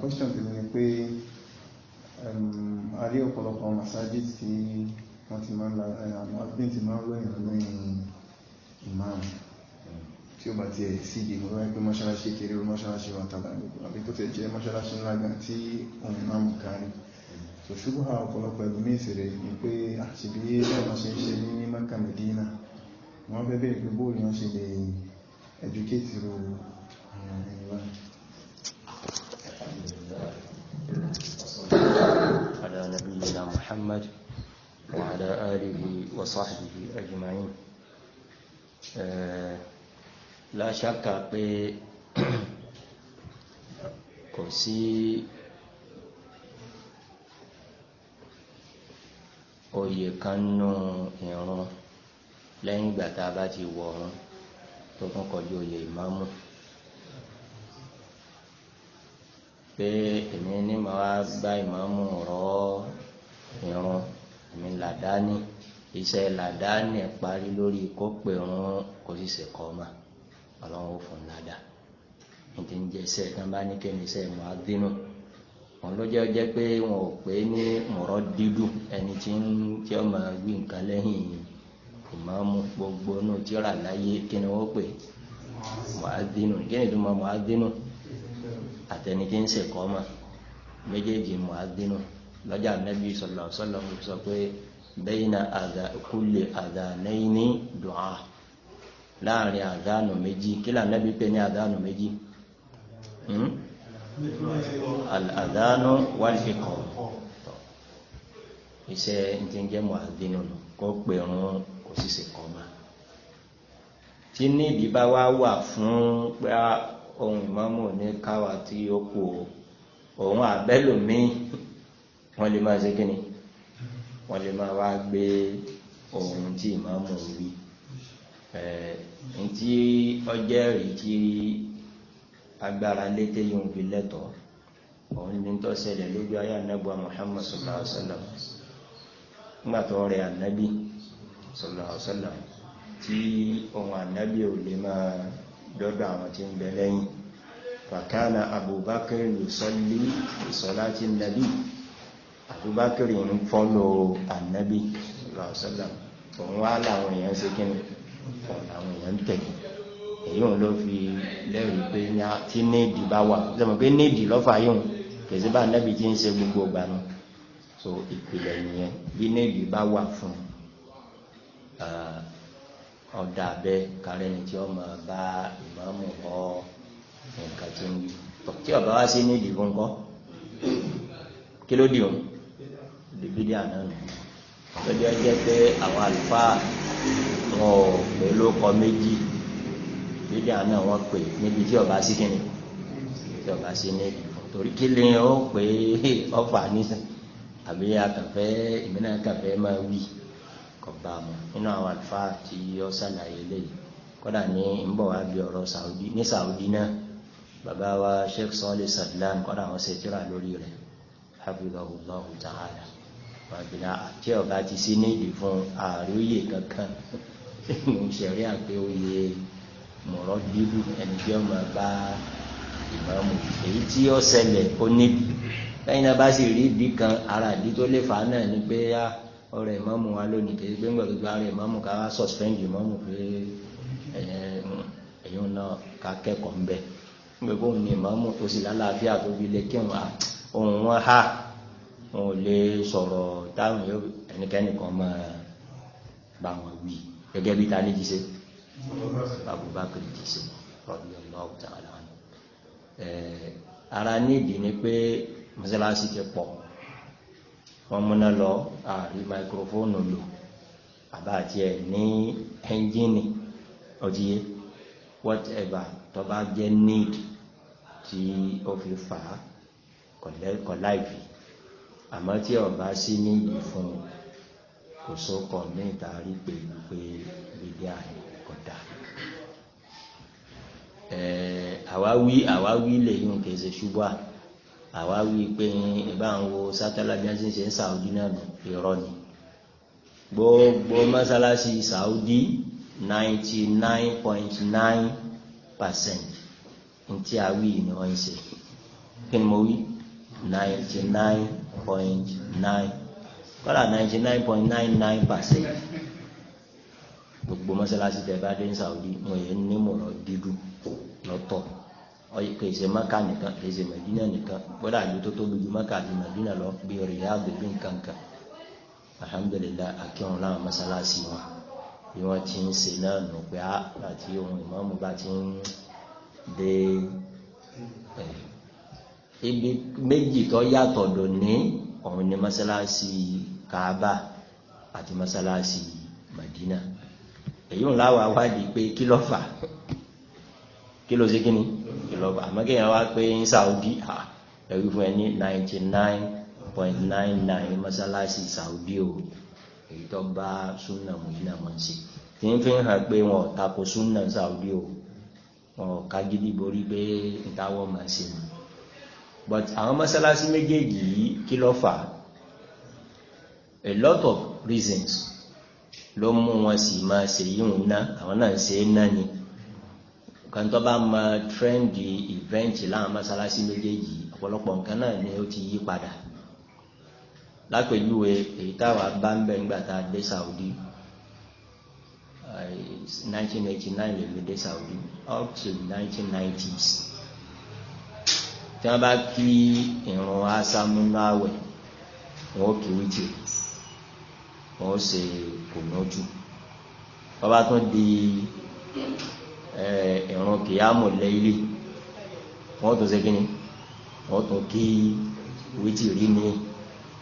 question tèmi ni pé a rí ọ̀pọ̀lọpọ̀ masaji tí wọ́n ti máa ń la àgbín ti máa ń lóyìn lóyìn imam tí ó bá ti ẹ̀ sí ìgbìmọ̀ wáyé pé mọ́ṣáláṣí kéré mọ́ṣáláṣí wà tàbí àbí tó tẹ̀ jẹ́ mọ́ṣáláṣí ńlá gan tí òun náà mú kárí so ṣùgbọ́n àwọn ọ̀pọ̀lọpọ̀ ẹ̀bùn mìí sèrè ní pé àṣìbí ẹ̀rọ ṣe ń ṣe ní Mẹ́kà Mẹ́dínà wọ́n fẹ́ bẹ́ẹ̀ pé bóòlù wọn ṣe lè educate ro àwọn ẹni wá على نبينا محمد وعلى آله وصحبه أجمعين لا شك pé kò sí oyè kan nù ìrun lẹ́yìn ìgbà tá a bá ti wọ̀ ọ́n tó tún kọjú oyè ìmáàmù pé èmi ní ma wá gba ìmáàmù rọ irun èmi làdáni iṣẹ́ làdáni parí lórí kó pè rún kó sì ṣe kọ́ ma ọlọ́run ó fún ládàá nítorí ń jẹ iṣẹ́ tí bá ní kémi iṣẹ́ mọ́ adínú wọn ló jẹ́ jẹ́ pé wọn ò pé ní mọ̀rọ́ dídùn ẹni tí ń tí ọmọ gbé nǹkan lẹ́yìn ìmáàmù gbogbo náà tíra láyé kí ni wọ́n pè mọ̀ádínù kí ni ìdúmọ̀ mọ̀ádínù àtẹni tí ń ṣe kọ́ mà méjèèjì mọ̀ádínù lọ́jà nẹ́bí sọ̀lọ̀ sọ̀lọ̀ sọ pé bẹ́yìnà kulli adhanaini du'a láàrin àdánù méjì kí là nẹ́bí pé ní àdánù méjì àdánù hmm? wàlíkọ̀ iṣẹ́ ti ń jẹ́ kó pèrún kò sì sì kọ́ ma tí níbi bá wá wà fún pé ohun ìmọ̀mù ní káwa tí ó kù o òun àbẹ́lòmíì wọ́n lè máa ṣe kí ni wọ́n lè máa wá gbé ohun tí ìmọ̀mù wí ntí ọjọ́ rí tí agbára lété yóò fi lẹ́tọ̀ọ́ òun ní tó ṣẹlẹ̀ lójú ayé anábọ̀ Muhammad sallallahu alaihi wa sallam ńgbàtọ̀ rẹ̀ ànábì sallallahu alaihi wasallam tí ohun ànábì ò lè máa dọ́dọ̀ àwọn tí ń bẹ lẹ́yìn fàkánà abubakar yusalli bisolati nabi abubakar ń fọ́lọ̀ ànábì sallallahu alaihi wasallam òun wá láwọn èèyàn ṣe kí ni àwọn èèyàn ń tẹ̀lé èyí òun ló fi lẹ́rìí pé tí néèdì bá wà lọ́mọ pé néèdì lọ́fà yóò kèsì bá ànábì tí ń ṣe gbogbo ọgbà náà so ìpìlẹ̀ nìyẹn bí néèdì bá wà fún un ọ̀dà bẹ́ẹ̀ kárẹ́ ni tí ó mọ̀ bá ìmáàmù kọ́ nǹkan tí ń tọ̀ tí ọ̀bá wá sí ní ìdìbò ńkọ́ kí ló dì òun bíbélì àná nù lọ́jọ́ jẹ́ pé àwọn àlùfáà wọn ò pè lóko méjì bíbélì àná wọn pè níbi tí ọba sí kíni tí ọba sí ní ìdìbò torí kí lè ó pè ọfà nísìn àbí akàfẹ́ ìmínà akàfẹ́ máa wí kọba mọ nínú àwọn àlùfáà tí ó ṣàlàyé lẹ́yìn kódà ní nbọ wá bí ọ̀rọ̀ Saudi ní Saudi náà bàbá wa Sheikh Sọlẹ Sadlan kódà wọn ṣe tíra lórí rẹ̀ hafizahullahu ta'ala wàbílà àti ọba ti sí nídìí fún àríyè kankan nínú sẹrí àpé oyè mọ̀rọ̀ bíbù ẹni tí ó máa bá ìmáàmù èyí tí ó ṣẹlẹ̀ ó níbi lẹ́yìn náà bá sì rí ìdí kan ara ìdí tó lè fà á náà ni pé á. Ah, ọ̀rọ̀ ìmáàmù wa lónìí kì í gbé ńgbà gbogbo ara ìmáàmù ká wá suspend ìmáàmù pé ẹ̀yìn náà ká kẹ́kọ̀ọ́ ńbẹ̀ ńgbẹ́ kó ní ìmáàmù tó sì lálàáfíà tó fi lè kírun òun wọn ah, ha òun lè sọ̀rọ̀ táwọn yóò ẹnikẹ́ni kan máa bá wọn wí gẹ́gẹ́ bí ta ní ti ṣe Abubakar ti ṣe rọ̀bì ọlọ́ọ̀tà ara nídìí ni pé mọ́sálásí ti pọ̀ wọ́n múná lọ àrí máikrófóònù lò àbá àti ẹ̀ ní ẹ́ńjìnì ọ̀díyé whatever tó bá jẹ́ need tí ó fi fà á kọ̀ láìfi àmọ́ tí ọba sí níyì fún kò sókọ̀ ní ìtarí pé pé gbèdé àyè kọ̀dà àwáwí àwáwí lèyìn kèsè ṣubú àná àwa wí pé ìbá ń wo sátẹ́lá bí wọ́n ti ń ṣe ń Saudi náà nù irọ́ ni gbogbo mọ́sálásí Saudi ninety nine point nine percent ntí a wí ni wọ́n ń ṣe kí ni mo wí ninety nine point nine kọ́lá ninety nine point nine nine percent gbogbo mọ́sálásí tẹ̀ bá dé ní Saudi wọ́n yẹn ní mọ̀rọ̀ dídú lọ́tọ̀ kì í ṣe maka nìkan kì í ṣe madina nìkan gbọ́dọ̀ àjò tó tóbi ju maka àti madina lọ bí riyadu bí nkankan alhamdulillah akíwọn láwọn masalasi wọn bí wọn ti ń ṣe náà nù pé á àti ohun ìmọ̀ọ́mù bá ti ń dé eh, ibi méjì tó yàtọ̀ lónìí ọ̀hún ni masalasi kaaba àti masalasi madina èyí ń láwọn awádìí pé kí ló fà á kí ló ṣe kí ni kí ló bá àmọ́ kí wá pé ń Saudi ha ẹ̀rí fún ẹ ní ninety nine point nine nine mọ́sálásí Saudi o èyí tó bá súnà mú iná mọ́ sí tí ń fi hàn pé wọn ò tako súnà Saudi o wọn ò kágídí borí pé ń táwọ́ máa ṣe mọ́ but àwọn mọ́sálásí méjèèjì yìí kí ló fà a lot of reasons ló mú wọn sì máa ṣe yíwọ̀n ná àwọn náà ṣe é ná ni nǹkan tó bá mọ tírẹ́ǹdì ìvẹ́ǹtì láwọn mọ́sálásí méjèèjì ọ̀pọ̀lọpọ̀ nǹkan náà ni ó ti yí padà lápèjúwe èyí táwa bá ń bẹ̀ nígbà tá a dé Saudi 1989 lèmi dé Saudi up to 1990s tí wọ́n bá kí ìrun asámúnú àwẹ̀ wọ́n kì í tì wọ́n ṣe kò náà jù wọ́n bá tún di ìrun kìyàmù ya wọ́n tún ṣe kíni wọ́n tún kí wítì rí ni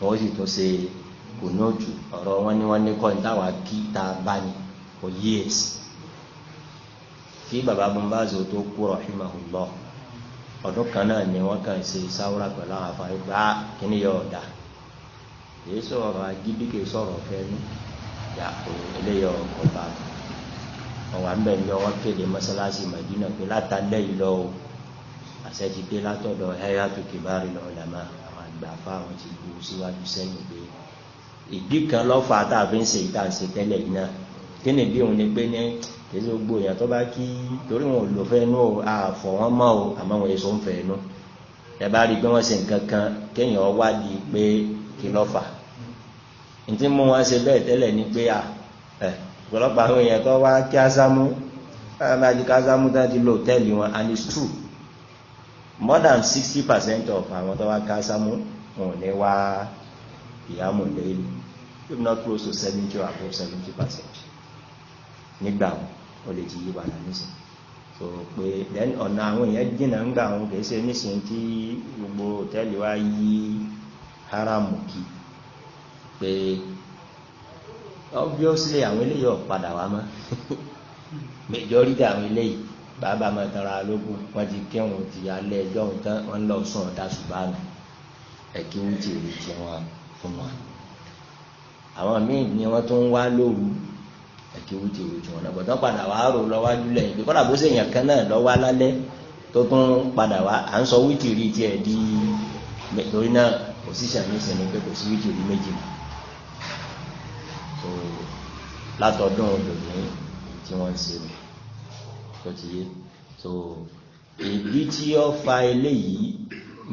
wọ́n sì tún ṣe kùnúùtù ọ̀rọ̀ wọn ni wọ́n ní kọ́ ní táwa kí a bá ní for years kí baba bambazo tó kú rahimahullah ọdún kan náà ni wọ́n kàn ṣe sáwúrà pẹ̀lú àwọn afárí gbá ah, kíní yọ ọ̀dà èyí sọ̀rọ̀ agídí sọ̀rọ̀ fẹ́ẹ́ ní yàtọ̀ eléyọ̀ ọ̀gbà ọ̀wà ń bẹ̀ ń yọ wọ́n kéde mọ́sálásí màdínà pé látàlẹ́ ìlọ o àṣẹ ti dé látọ̀dọ̀ ẹ̀yà tó kìbárì lọ làmà àwọn àgbà fáwọn ti gbó síwájú sẹ́yìn pé ìdí kan lọ́fà tá a fi ń ṣe ìta ṣe tẹ́lẹ̀ yìí náà kí ni bí òun ni pé ní èso gbogbo èèyàn tó bá kí torí wọn ò lò fẹ́ nú o àfọ̀ wọn mọ́ o àmọ́ wọn èso ń fẹ́ nú ẹ bá rí i pé wọ́n ṣe nǹkan kan kéèyàn wádìí pé kí lọ́fà ntí mú wọn ṣe bẹ́ẹ̀ tẹ́lẹ̀ ni pé à ẹ̀ ọ̀pọ̀lọpọ̀ àwọn èèyàn tó wá kí azámú májì kí azámú tó ti lo hòtẹ́ẹ̀lì wọn and it's true more than sixty percent of àwọn tó wá kí azámú wọn ò ní wá ìyàmù lẹ́yìn if not close to seventy or above seventy percent nígbà wọn o lè ti yí padà nísìnyí so pé then ọ̀nà àwọn èèyàn jìnnà ń gbà wọn kìí ṣe nísìnyí tí gbogbo hòtẹ́ẹ̀lì wa yí haramu kí pé obviously àwọn eléyìí ọ̀padà wá mọ́ majority àwọn eléyìí bàbá máa tara lógún wọ́n ti kírun ti alẹ́ ẹjọ́ òun tán wọ́n lọ sùn ọ̀dà ṣùgbọ́n ẹ̀kí ń ti rí ti wọn fún wọn àwọn míì ni wọ́n tún ń wá lóru ẹ̀kí ń ti rí ti wọn lọ́gbọ̀n tán padà wá rò lọ́wájú lẹ́yìn bí kọ́dà bó ṣe èèyàn kan náà lọ́wọ́ alálẹ́ tó tún padà wá à ń sọ wítìrì tiẹ̀ di torí náà òṣìṣẹ́ mi sì ni pé kò sí wítìrì méjì mọ́ so látọdún òdòdó tí wọ́n ń ṣe mi tó ti yé so ìdí tí ó fa eléyìí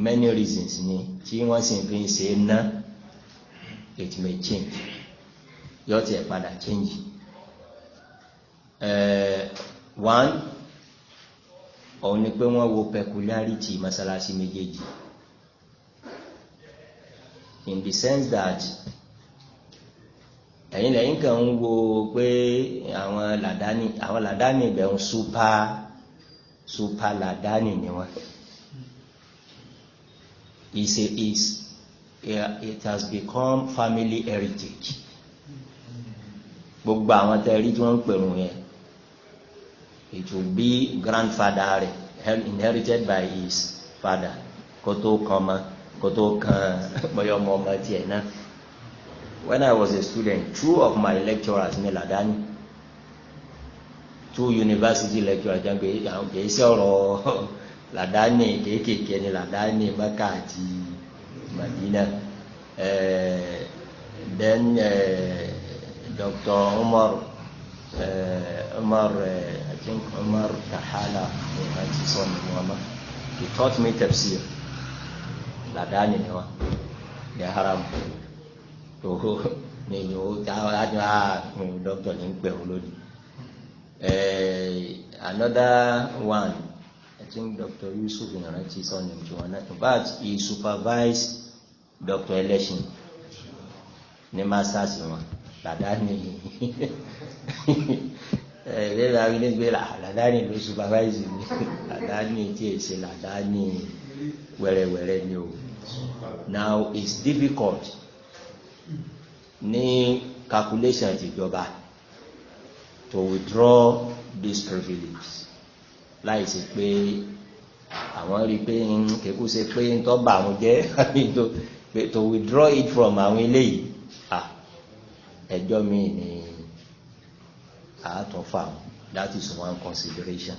many reasons ni tí wọ́n sì fi ń ṣe ná it may change yóò tiẹ̀ padà change uh, one òun ni pé wọ́n wo peculiarity masalasi méjèèjì in the sense that ẹ̀yin lẹ́yìn kan ń wo pé àwọn làdáni àwọn làdáni ibẹ̀ ń súpà súpà làdáni ni wọn. is a is it has become family heritage gbogbo àwọn tẹ rí tí wọn ń pèrò yẹn it will be grandfather rẹ inherited by his father kó tó kan ọmọ kó tó kan bọyọ ọmọ ọmọ tiẹ̀ náà when I was a student, two of my lecturers ní Ladani, two university lecturers jẹ́ pé àwọn kìí ṣe Ladani kéékèèké ní Ladani Mẹ́kà àti Madina. Uh, then uh, eh, Dr. Umar uh, eh, Umar uh, I think Umar Kahala àti sọ́nù Muhammad he taught me tafsir Ladani ni wa ní haram tó ní o táwọn á jọ á dọ́kítọ̀ ní pẹ̀ ọ́ lónìí. another one I think Dr. Yusuf ìrántí sọ́ni ìjọba in but he supervised Dr. Election ní masters wọn dàdá ni ẹ̀ẹ́dẹ́gbẹ̀rún arínigbèrà dàdá ni ló supervise mi dàdá ni tí è ṣe dàdá ni wẹ́rẹ́wẹ́rẹ́ ni o now it's difficult ní calculation ti ìjọba to withdraw these privileges láì sí pé àwọn rí i pé kékú ṣe pé ń tọ́ bá àwọn jẹ́ to withdraw it from àwọn eléyìí ẹjọ́ mi ni àátọ́ fà wọ́n that is one consideration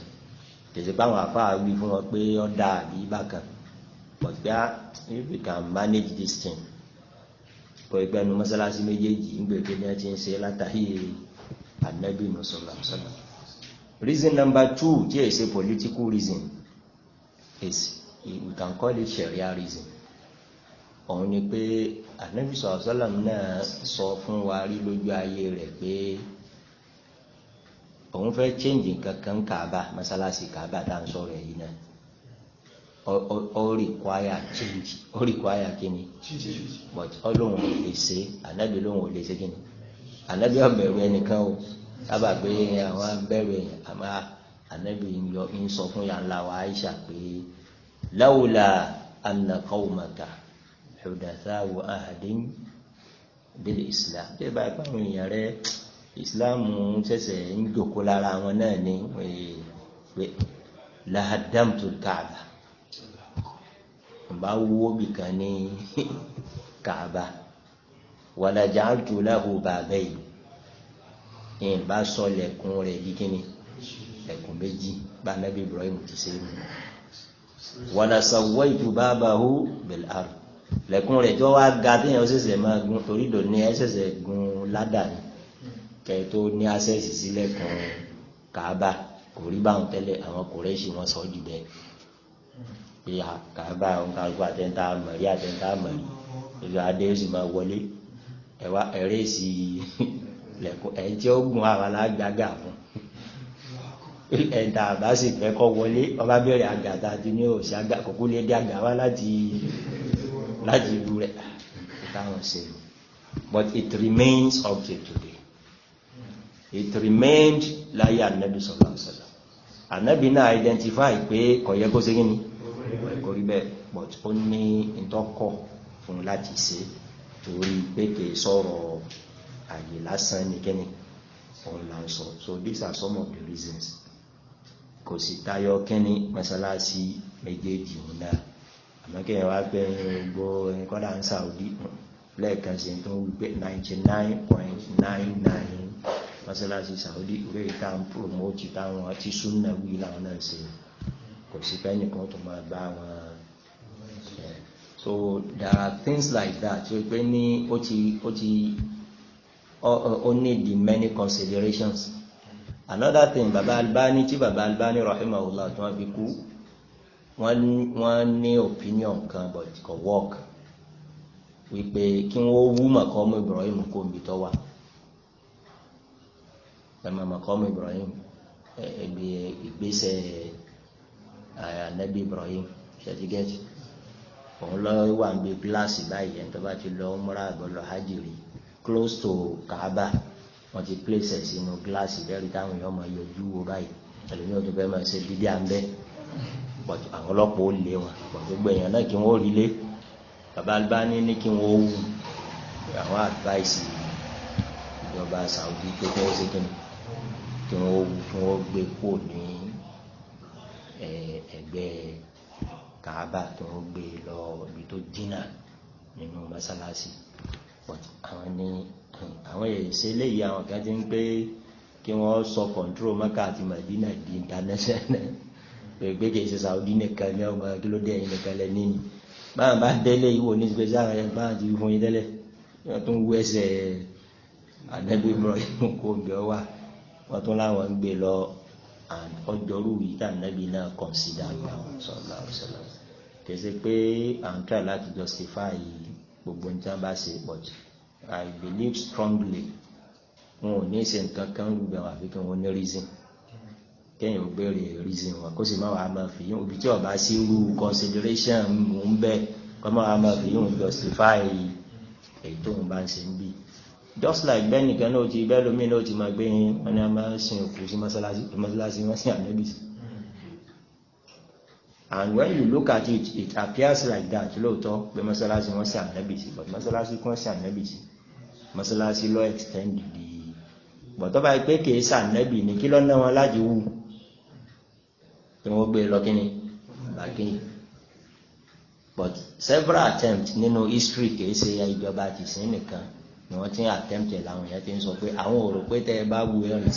tètè báwọn àfáà wí fún wọn pé ọ̀dà àbí bákan but that if we can manage this thing kọ ìgbẹ́nu mọ́sálásí méjèèjì ń gbèké ní ẹtí ń ṣe látàrí ànábì nùsọ̀lọ̀sọ̀lọ̀ reason number two tí è ṣe political reason is we can call it sharia reason òun ni pé ànábì sọ̀lọ̀sọ̀lọ̀ náà sọ fún wa rí lójú ayé rẹ̀ pé òun fẹ́ change nǹkan kan mọ́sálásí kàbà tá à ń sọ̀rọ̀ yìí náà ó rìkwáyà change ó rìkwáyà kíni but ọlọ́run ò lè ṣe ànábì lóhun ò lè ṣe kíni ànábì ọ̀bẹ̀rù ẹnìkan o sábà pé àwọn abẹ́rù ẹ̀yìn àmọ́ ànábì ń sọ fún yàrá wa Aisha pé láwùlà anna qawmaka hudathawu ahadin bil islam bí ẹ bá ipá rẹ islam ṣẹ̀ṣẹ̀ ń jòkó lára wọn náà ní pé lahadamtul kaaba nba wo bi kan ní kaaba wàlàjà àjòláhù bàbá yìí nba sọ lẹ̀kùn rẹ̀ yíkíni lẹ̀kùn méjì bá nàbí Ibrahim ti ṣe mú wàlàsàwọ ìtùbàbàhù bẹlẹàrù lẹ̀kùn rẹ̀ tí wọn wá ga téèyàn ṣẹ̀ṣẹ̀ máa gun torí dòní ẹ ṣẹ̀ṣẹ̀ gun ládàá ni kẹ́ẹ̀ tó ní àṣẹ̀ṣì sílẹ̀kùn kaaba kò rí báwọn tẹ́lẹ̀ àwọn kò rẹ́ṣì wọn sọ jù bẹ́ẹ̀ pé àkàbà òǹkàgbà àtẹ̀ntà mọ̀rí àtẹ̀ntà mọ̀rí ìlú adé sì máa wọlé ẹ̀wá ẹ̀rẹ́ sí lẹ̀kùn ẹ̀ tí ó gun àwọn fún ẹ̀ǹtà àbá sì fẹ́ wọlé ọba bẹ̀rẹ̀ àgàtà tí ní òsì àgà kòkó lé dé àgà wá láti láti ìlú rẹ̀ táwọn ṣe but it remains up to today it remained láyé anabi sọlá sọlá anabi náà identify pé kò yẹ kó ṣe ni rí bẹ́ẹ̀ but ó ní ìtọ́kọ̀ fún un láti ṣe torí pé kì í sọ̀rọ̀ àyè lásán nìkẹ́ni òun là ń sọ so these are some of the reasons kò sì tayọ kẹ́ni mọ́sálásí méjèèjì òun náà àmọ́ kí ẹ wá pé gbogbo ẹni kọ́dà ń Saudi lẹ́ẹ̀kan sí tó ń gbé ninety nine point nine nine mọ́sálásí Saudi ìwé ìta ń promote táwọn ti súnà wí làwọn náà ṣe kò sí pé ẹnìkan tó máa bá wọn so there are things like that So pé ní ó ti ó ti ó need the many considerations another thing baba Albani tí baba Albani rahimahullah tí wọ́n fi kú wọ́n ní opinion kan but kò work wípé kí wọ́n wú màkọ́mù Ibrahim kó omi tó wà ẹ̀mọ̀ màkọ́mù Ibrahim ẹ̀gbẹ́ ìgbésẹ̀ ànábì Ibrahim ṣe ti gẹ́tì òun lọ wà níbi pílàsì báyìí ẹni tó bá ti lọ múra àgbọ̀lọ̀ hajj close to kaaba wọ́n ti place ẹ̀ sínú gíláàsì bẹ́ẹ̀ rí táwọn èèyàn máa yọjú wo báyìí ẹlòmíì ò tún fẹ́ máa ṣe dídí à ń bẹ́ àwọn ọlọ́pàá ó lé wọn gbogbo èèyàn náà kí wọ́n rí lé bàbá Albani ní kí wọ́n wù àwọn advice ìjọba Saudi pé kí wọ́n ṣe kí ni kí wọ́n wù kí wọ́n gbé kúrò ní ẹgbẹ́ kàábà tó ń gbé lọ ibi tó jìnnà nínú mọ́sálásí àwọn ní àwọn èsè léyìí àwọn kan ti ń pé kí wọ́n sọ kọ̀ǹtúrò mọ́kà àti màdínà di international pé kì í ṣe Saudi nìkan ní ọgbà kí ló dé ẹ̀yìn nìkan lẹ níyì báwọn bá délé ìwò ní ìgbésí àwọn ẹ̀yẹ báwọn ti fún yín tẹ́lẹ̀ wọ́n tún wú ẹsẹ̀ àdẹ́bí mọ́ ìmú kó gbẹ wà wọ́n tún láwọn ń gbé lọ and ọjọ́rú yìí tá nàbí náà consider now sọlá ọsọlá kẹsẹ pé à ń try láti justify gbogbo ní tí wọn bá ṣe pọ̀ I believe strongly wọn ò ní ṣe nǹkan kan rúbẹ wọn àfi kí wọn ní reason kẹ́yìn ò béèrè reason wọn kó sì má wàá máa fi yín òbí tí ọba sí irú consideration ń bẹ kọ́ má wàá máa fi yín justify èyí tó ń bá ń ṣe ń bì just like bẹ́ẹ̀ nìkan náà ti bẹ́ẹ̀ lómi náà ti máa gbé yín wọn ni a máa sin òkú sí mọ́sálásí wọn sí ànábì sí. and when you look at it it appears like that lóòótọ́ pé mọ́sálásí wọn sí ànábì sí but mọ́sálásí kan sí ànábì sí mọ́sálásí lọ extend the but ọba pé kìí sànábì ní kí lọ́nà wọn láti wù tí wọ́n gbé lọ kí ni bàkíyì but several attempts nínú history kìí ṣe ìjọba àtìsín nìkan ni wọ́n ti ń attempt ẹ̀ làwọn èèyàn ti ń sọ pé àwọn ò pé tẹ́ ẹ bá wu ẹ̀rì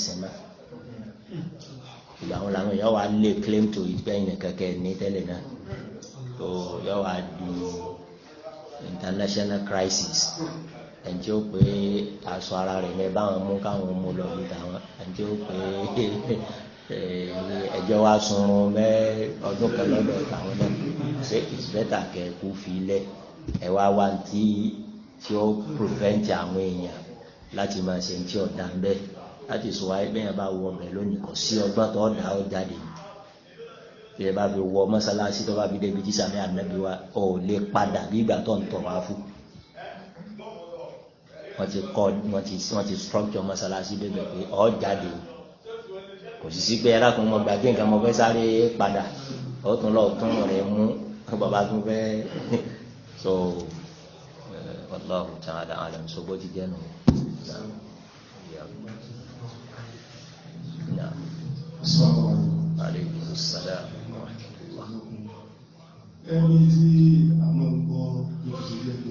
sẹ́mà ìgbà wọn làwọn èèyàn wà lè claim to ìgbẹ́yìn kẹ̀kẹ́ ní tẹ́lẹ̀ náà tó yọ wà di international crisis ẹni tí ó pé aṣọ ara rẹ̀ ní báwọn mú káwọn mú lọ bí táwọn ẹni ó pé eh, ẹjọ́ wa sunrun mẹ́ ọdún kan lọ́dọ̀ táwọn náà ṣe it's better fi lẹ̀ ẹ wá wá ti tí ó prevent àwọn èèyàn láti máa ṣe tí ọ̀dà ń bẹ́ láti sọ wáyé bẹ́ẹ̀ bá wọ ọbẹ̀ lónìí kò sí ọgbọ́n tó ọ̀dà ó jáde bí ẹ bá fi wọ mọ́sálásí tó bá fi débi tí sàmì ànábi wa ò lè padà bí ìgbà tó ń tọ̀ wá fún wọ́n ti kọ́ wọ́n ti wọ́n ti structure mọ́sálásí débẹ̀ pé ọ̀ jáde kò sì sí pé ẹlẹ́kùn mọ́ gbà kí nǹkan mọ́ fẹ́ sáré padà ó tún lọ́ọ̀ tún rẹ̀ mú bàbá tún fẹ́ so wallahu ta'ala alam so bó ti jẹ́nu. aleykum salaam wa rahmatulah. ẹni tí àwọn gbọ́ ló ti jẹ́ pé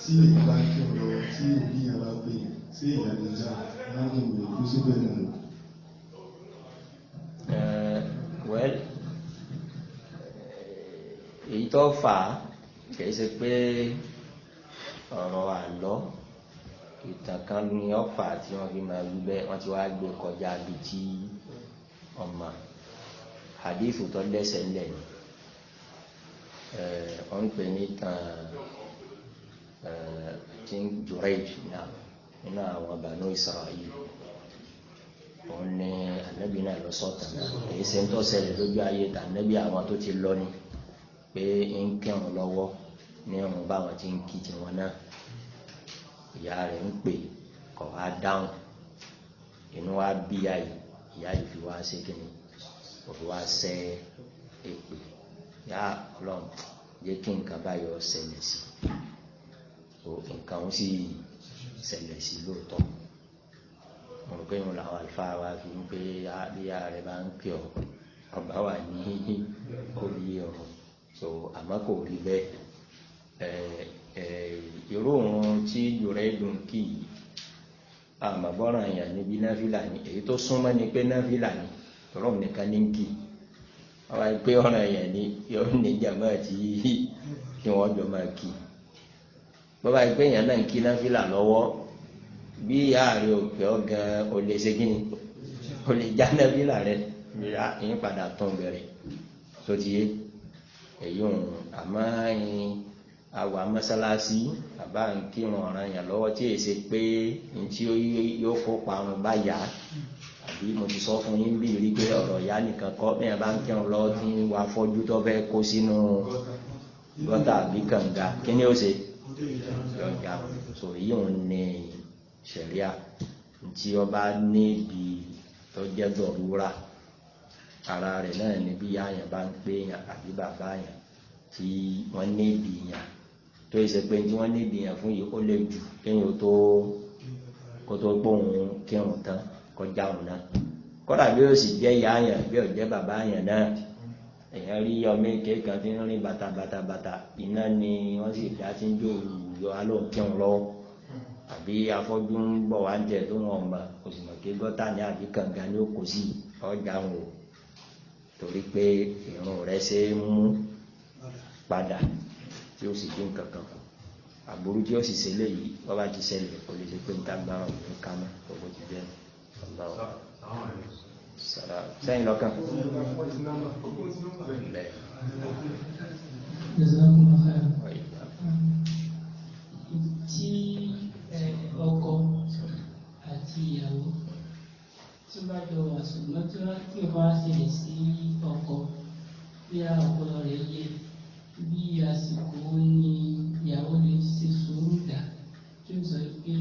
tí èèyàn bá kí ọ̀rọ̀ tí òbí yẹn bá pè sí èèyàn lè já láti wẹ̀ kú síbẹ̀ nù. Eh, well eh, èyí tó fà á kì í ṣe pé ọ̀rọ̀ àlọ́ ìtàn kan ní ọ̀fà tí wọ́n fi máa wí bẹ́ẹ̀ wọ́n ti wá gbé kọjá bíi tí ọmọ hadithu tó lẹ́sẹ̀ ńlẹ̀ ni ọ ń pè ní tàn tí ń Jurayj náà nínú àwọn Banu Isra'il òun ni ànábì náà lọ sọ́tàn náà èyí ṣe ń tọ́sẹ̀lẹ̀ lójú ayé tà ànábì àwọn tó ti lọ ni pé ń kírun lọ́wọ́ ní ọ̀run báwọn ti ń kí tiwọn náà ìyá rẹ̀ ń pè kọ̀ wá dáhùn inú wa bí ìyá yìí ìyá yìí fi wá ṣe kí ni kò fi wá ṣẹ́ èpè yá ọlọ́run jẹ́ kí nǹkan báyọ̀ ṣẹlẹ̀ sí o nǹkan ó sì ṣẹlẹ̀ sí lóòótọ́ mo rò pé mo làwọn àlùfáà wa fi ń pé bíyà rẹ bá ń pè ọ ọba wà ní orí ọ̀rọ̀ so àmọ́ kò rí bẹ́ẹ̀ ìró eh, òun tí yorùbá dùn kì í àmàbọ́ràn èèyàn níbi náfìlà ni èyí tó súnmọ́ ni pé náfìlà ni tọ́lọ́mù nìkan ní kì í àwọn ìpè ọ̀ràn èèyàn ni yóò ní jàmbá tí kí wọ́n jọ máa kì í bọ́bá ìpè èèyàn náà ń kí náfìlà lọ́wọ́ bí ààrẹ òpè ọ̀gán ò lè ṣe kí ni ò lè já náfìlà rẹ tán bẹ̀rẹ̀ tó ti yé èyí òun àmọ́ ẹ̀yìn àwa mọ́sálásí àbá ń kírun ọ̀ràn yàn lọ́wọ́ tí èyí ṣe pé n tí yóò fọ́pa àrùn bá yá àbí mo ti sọ fún yín bí rí pé ọ̀rọ̀ ìyá nìkan kọ́ bẹ́ẹ̀ bá ń kírun lọ́wọ́ tí wà á fọ́jú tó fẹ́ kó sínú gọ́tà àbí kànga kí ni ó ṣe kànga sọ èyí òun ni ṣẹ̀ríà tí ọba níbi tó jẹ́ dọ̀rúra ara rẹ̀ náà ni bí yáàyàn bá ń pé yàn àbí bàbá yàn tí wọ́n níbi yàn tó yẹ sẹpẹ tí wọn ní ìdìyàn fún yìí ó lè jù kéèyàn tó kó tó gbóhùn kírun tán kọjá òun náà kódà bí ó sì jẹ ìyá àyàn bí ó jẹ bàbá àyàn náà èèyàn rí ọmọ èké kan tí ń rìn bàtà bàtà bàtà iná ni wọn sì dá tí ń jó yọ alóhùn kírun lọ́wọ́ àbí afọ́jú ń bọ̀ wá ń jẹ tó wọn mọ oṣù mọ̀ké gọ́tà ní àbí kànga ní òkò sí ọjà wọn o torí pé ìrun rẹ ṣe é mú padà tí ó sì dín kankan kù àbúrú tí ó sì ṣẹlẹ̀ yìí wọ́n bá ti ṣẹlẹ̀ kò lè ṣe pé níta gbá wọn ní kámọ́ gbogbo ti bẹ́ẹ̀ ọ̀la ọ̀ sara sẹ́yìn lọ́kàn. tí ọkọ àti ìyàwó tí ó bá jọ wà ṣùgbọ́n tí ó bá ṣẹlẹ̀ sí ọkọ bí a rẹ̀ yẹ bí àsìkò ni ìyàwó lè ṣe sùúrù dà tí ó sọ pé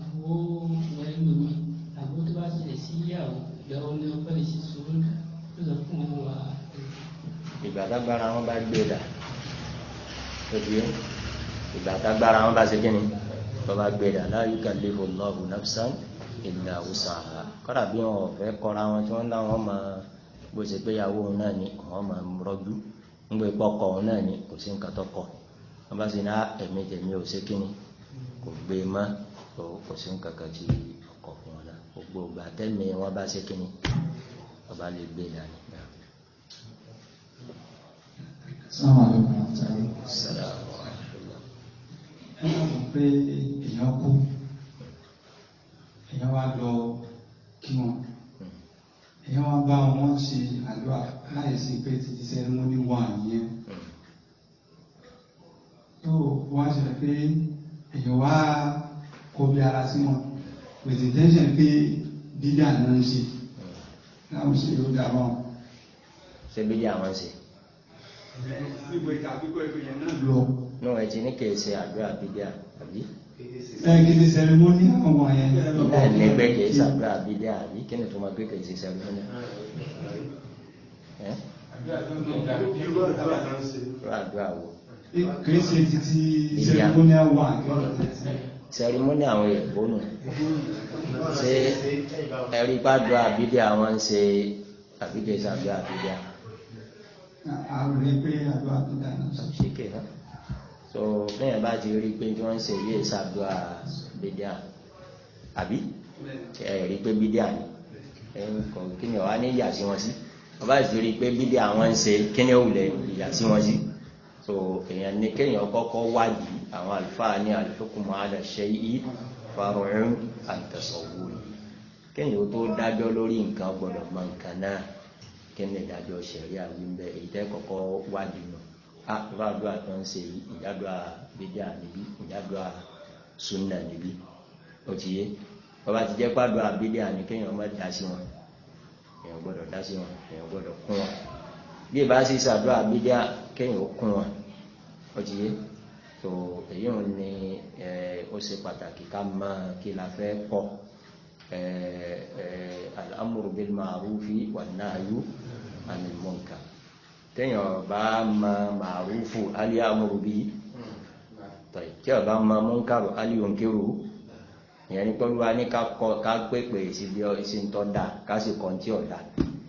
àwọ̀ wọ́n lómi àbọ̀ tó bá ṣẹlẹ̀ sí ìyàwó ìyàwó ni ọkọ lè ṣe sùúrù dà tó sọ fún wọn wà. ìgbà tágbára wọn bá gbé dà lójú ìgbà tágbára wọn bá ṣe kí ni wọn bá gbé dà la yukallifu Allahu nafsan illa wus'aha kọ́dà bí wọn ò fẹ́ kọ́ra wọn tí wọ́n náà wọ́n máa bó ṣe pé ìyàwó náà ni wọ́n máa rọ́jú ń gbé pọkọ òun náà ni kò sí nǹkan tó kọ wọn bá sì ní ah, ẹ̀mí tèmi ò sí kíni kò gbé e mọ́ kò sí nǹkan kan tí ọkọ fún wọn náà gbogbo ògbà tẹmí wọn bá sí kíni wọn lè gbé e dání. sáwọn àlejò àwọn ọ̀tá yìí. sàlámù kú èèyàn wá lọ kí wọ́n èèyàn wá bá wọn ṣe àdúrà láìsí pé ti di sẹ́rímọ́nì wà yẹn tó wá ṣẹlẹ̀ pé èèyàn wá kó bí ara sí wọn with intention pé dídá náà ń ṣe láwọn ṣe ló dà wọn. ṣé bí díà wọn ṣe. gbígbó ìka gbígbó ìpìlẹ̀ náà lọ. náà ẹ ti ní kèé ṣe àdúrà díà àbí kìí sẹrimóní ọmọ yẹn. ẹlẹgbẹ kìí sàgbà abilé àbí kí ni tó máa gbé kìí sẹrimóní. àdúrà wo. kìí ṣe títí sẹrimóní àwọn àgbẹ̀rẹ̀ tẹ̀sí. sẹrimóní àwọn èèbó nù. ṣé ẹ̀rí gbàdúrà abilé àwọn ń ṣe àbí kìí sàgbà abilé. àwọn ẹgbẹ́ àdúrà abilé àwọn ń ṣe so bẹ́ẹ̀ bá ti rí i pé tí wọ́n ń ṣe yé ṣàdúrà bídíà àbí ẹ rí i pé bidia ni ẹ ń kọ kí ni ọ̀hán ní ìyà sí wọn sí wọ́n bá ti rí i pé bídíà wọn ń ṣe kí ni òwúlẹ̀ ìyà sí wọn sí so èèyàn ní kéèyàn kọ́kọ́ wádìí àwọn àlùfáà ní àlùfókùnmọ́ àdàṣe yìí farahàn àtẹ̀sọ̀wò yìí kéèyàn tó dájọ́ lórí nǹkan gbọ́dọ̀ mọ nǹkan náà kí ni ìdájọ́ ṣẹ̀rí a ìwà àdúrà tó ń ṣe ìyádùá gbẹdẹ níbí ìyádùá sunna níbí ó ti yé bàbá ti jẹ́ pàdùn àgbẹdẹ àní kéèyàn má dá sí wọn èèyàn gbọ́dọ̀ dá sí wọn èèyàn gbọ́dọ̀ kún wọn bí ìbá sì ṣàdúrà àgbẹdẹ kéèyàn ó kún wọn ó ti yé tó èyí wọn ni ó ṣe pàtàkì ká máa kí la fẹ́ kọ́ al-amru bil ma'rufi téèyàn bá ma màrúfù aliamuru bí tí ọba ma múnkàrò aliunkiru ìyẹn ní pẹ́lú wa ní ká kọ pépè síbi ìsìn tó dà ká sì kọ́ tí ọ̀dà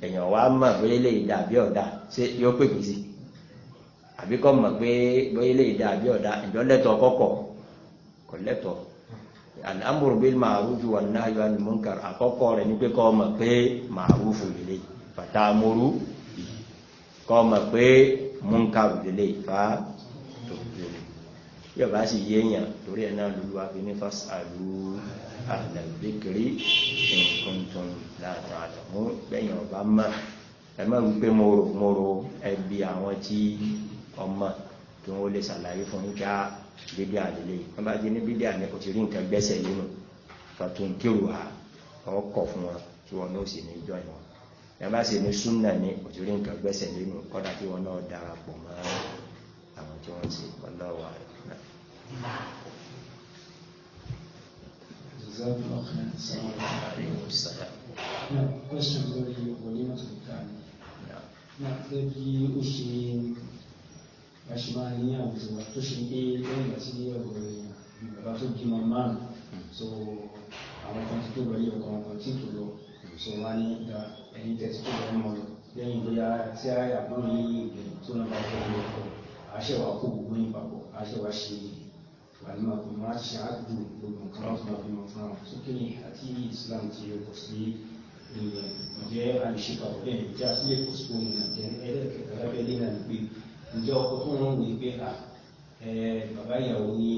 èèyàn wá mọ̀ bóyá lè dà bí ọ̀dà ṣé yóò pépè sí àbí kọ́ mọ̀ pé bóyá lè dà bí ọ̀dà ìjọ lẹ́tọ̀ọ́ kọ́kọ́ kò lẹ́tọ̀ọ́ al'amuru bil ma'rufi àkọ́kọ́ rẹ̀ ní pé kọ́ mọ̀ pé lè kọ́ mọ̀ pé múnkàrù lélẹ̀ ìfà tòkòtò yóò bá sì yéèyàn torí ẹ̀ náà lulúwa fi ní fásitì àlàbíkiri nǹkan tó ń láta àdàmú lẹ́yìn ọba mọ̀ ẹ má wípé mòrò mòrò ẹbí àwọn tí ọmọ tí wọ́n lè ṣàlàyé fún yín ká bídíà lélẹ̀ wọ́n bá dé ní bídíà ní kò ti rí nǹkan gbẹ́sẹ̀ lẹ́nu fàtúnkìrù ha ọkọ̀ fún wọn tí wọn ní ó ní ìjọ ìwọ̀n ẹ bá sì ní súnà ní òtúrí nǹkan gbẹ́sẹ̀ nínú kọ́dà kí wọn náà darapọ̀ mọ́ àwọn tí wọ́n ti ọlọ́wà rẹ̀ náà. Àṣìmá ní àwùjọ tó ṣe pé lẹ́yìn ìgbà tí ẹ̀rọ èèyàn bàbá tó bímọ márùn so àwọn kan tí tó lọ yẹ ọkọ̀ àwọn kan tí tó lọ so wá ní dáa ẹ̀yin tẹ̀sí tó lẹ́nu mọ́ lẹ́yìn bóyá tí a yà kúrò ní ìgbẹ̀yìn tó náà bá fẹ́ lọ fọ́ àṣẹ wa kó gbogbo yín papọ̀ àṣẹ wa ṣe wàlúmọ̀ kò má ṣe àdùn gbogbo nǹkan láti máa fi mọ̀ fún àwọn sókè àti Islam ti kò sí ìyẹn ǹjẹ́ a lè ṣe papọ̀ bẹ́ẹ̀ ǹjẹ́ a sì lè kò sí omi ǹjẹ́ ẹlẹ́kẹ̀kẹ́ lábẹ́ ilé náà gbé ǹjẹ́ ọkọ tó ń wò pé à bàbá ìyàwó ní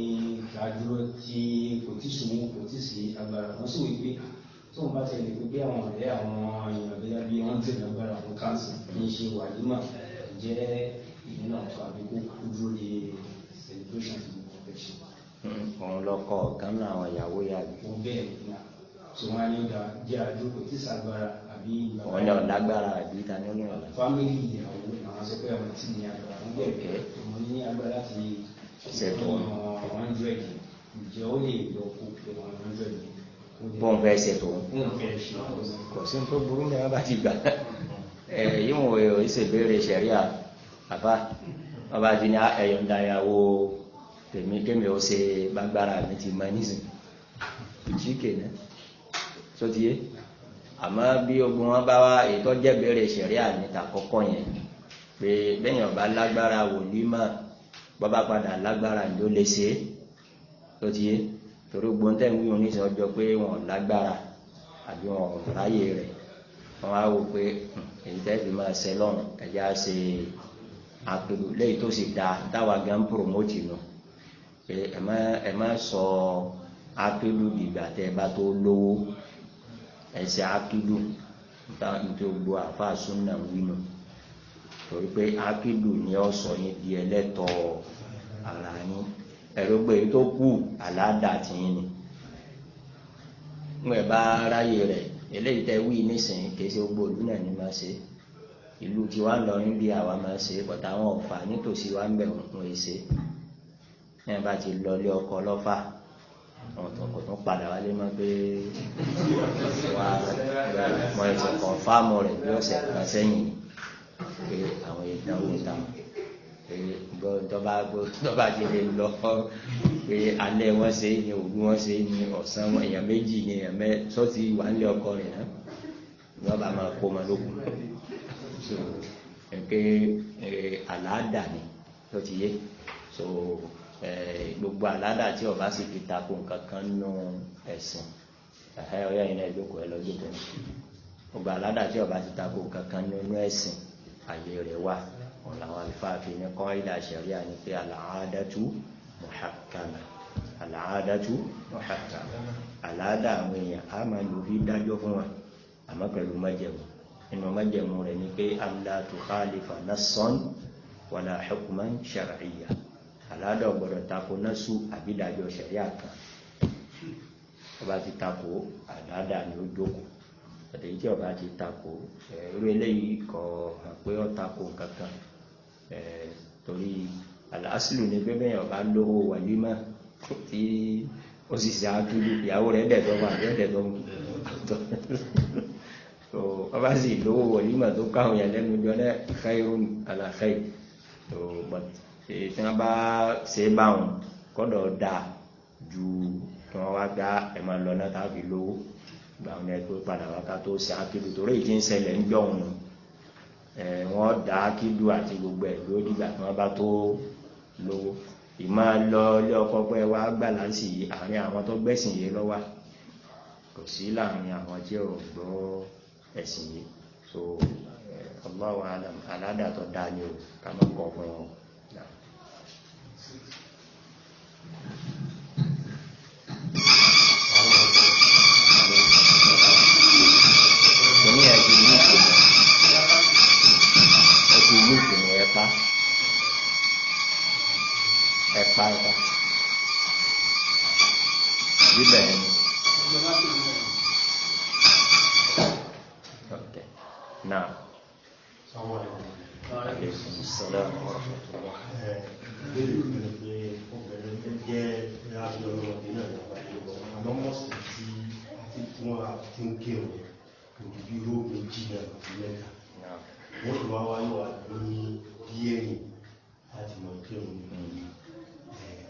ìdádúró tí kò tí sùn kò tí sí agbára wọn sì wò pé à tí wọ́n bá ti lè gbé àwọn ọ̀rẹ́ àwọn èèyàn tó yábí wọ́n ti lè gbára fún káńsì kì í ṣe wàlímà jẹ́ ìdínà ọ̀tọ̀ àbí kó kú dúró lé celebration fún confection. òun lọkọ ọ̀kan náà àwọn ìyàwó yà bí. wọ́n bẹ́ẹ̀ ni tí wọ́n á ní ọ̀dà jẹ́ àdúgbò tí sàgbára àbí. wọ́n ní ọ̀lágbára àbí ta ní ọ̀nà ọ̀la. ìyàwó àwọn sọ pé àwọn tí ní agbára ń bẹ̀rẹ̀ mo ní agbára ti ṣètò one bọ́n fẹ́ ṣe tòun kò sí tó burú ní abá ti gbà yíwọ̀n ìṣèbéèrè ṣẹ̀ríà àbá bàbá ti ní ẹ̀yọ̀ǹda ìyàwó tèmi kémi ó ṣe gbàgbára mi ti mọ nísìn ìjíkè náà sótìyé àmọ́ bí ogun wọn bá wá ètò jẹ́bẹ̀rẹ̀ ṣẹ̀ríà níta kọ́kọ́ yẹn pé bẹ́yìn ọba lágbára wòlímọ̀ bọ́bá padà lágbára ló lè ṣe sótìyé. So torí gbóńtẹ́ ń wíwọn níṣẹ́ ọjọ́ pé wọn lágbára àbí wọn ò ráyè rẹ̀ wọn á wò pé hmm, èyí tẹ́sí máa ṣe lọ́rùn ẹ̀já ṣe àpèrò lẹ́yìn tó sì dáa táwa gan promote nù pé ẹ má sọ àpèrò dìgbà tẹ́ ẹ bá tó lówó ẹsẹ̀ àpèrò nítorí gbogbo àfa súnà wínú torí pé àpèrò ni ọ sọ yín di ẹlẹ́tọ̀ọ́ ara yín ẹ̀rọ gbé èyí tó kù àlàáda tìyín ni ńgbẹ bá ráyè rẹ eléyìí tẹ wí nísìnyí kì í ṣe gbogbo ìlú náà ni máa ṣe ìlú tí wàá lọ níbi àwa máa ṣe bọ̀tà àwọn ọ̀fà nítòsí wa ń bẹ̀ òkun èṣe náà bá ti lọ ilé ọkọ lọ́fà ọ̀tọ̀ kò tún padà wálé mọ́ pé wà mọ̀ ẹ̀sẹ̀ kọ̀ọ̀fà mọ̀ rẹ̀ bí ọ̀sẹ̀ kan sẹ́yìn pé àwọn ìdánwò táwọn dọba dọba ti lè lọ pé alẹ́ wọn ṣe é ní òru wọn ṣe é ní ọ̀sán wọn èèyàn méjì ní èèyàn mẹ sọtì wà ń lé ọkọ rẹ náà dọba máa kó ma lókun pé àlàádà ni tó ti yé so gbogbo àlàádà tí ọba sì fi takò nǹkan kan nù ẹ̀sìn ẹ̀hẹ́ ọ̀yá yìí náà ìjókòó ẹ lọ́jọ́ tó ní gbogbo àlàádà tí ọba ti takò nǹkan kan nù ẹ̀sìn àyè rẹ̀ wà wọn làwọn alifáàfi ní kọ́ ìdá ṣẹ̀ríà ni pé àlàádátú muhakkama àlàádátú muhakkama àlàádá àwọn èèyàn á máa lò fi dájọ́ fún wa àmọ́ pẹ̀lú májẹ̀mú inú májẹ̀mú rẹ̀ ni pé allá tukhalifa nassan wàlá hukman shar'iyya àlàádá ọ̀gbọ̀dọ̀ tako nasu àbídájọ́ ṣẹ̀ríà kan ọba ti tako àdáadá ni ó jókòó àtẹ̀yìn tí ti tako ẹ̀rọ eléyìí kọ̀ hàn pé ó tako nǹkan Eh, torí àlàásìlù ni pé bẹ́ẹ̀ ọba lówó wàlímọ̀ tí ó sì ṣe àdúlù ìyàwó rẹ̀ dẹ̀dọ́gba àbí ọ̀dẹ̀dọ́gba tó ọba sì lówó wàlímọ̀ tó káwọn yẹn lẹ́nu jọ náà khairun ala khair tó tí wọ́n bá ṣe báwọn kọ́dọ̀ dáa ju tí wọ́n wá gbá ẹ̀ máa lọ náà tàbí lówó gbàwọn ẹ̀ tó padà wá ká tó ṣe àdúlù torí ìdí ń ṣẹlẹ̀ ń jọ̀hún wọ́n dá kílù àti gbogbo ẹ̀ ló dìgbà tí wọ́n bá tó lówó ìmọ̀ lọ ilé ọkọ pé wá gbàlánsì yìí àárín àwọn tó gbẹ̀sìn lọ lọ́wọ́ kò sí láàrin àwọn tí ò gbọ́ ẹ̀sìn yìí so Allahu alam aládà tó dáa ni o ká má pátápátá síbẹ̀ ni. Okay. Now. Aleykum salaam wa rahmatullah. Ìbéèrè mi ni pé obìnrin tó jẹ́ ìrìnàjò ọlọ́run ní ọ̀nà ìgbàlódé àmọ́ mọ́sùn tí àti tí wọ́n ti ń kírun kò bí irú méjì náà ló fi mẹ́ta. Wọ́n ti wá wáyé wà lórí díẹ̀ ní láti mọ kírun nínú mm. ìlú.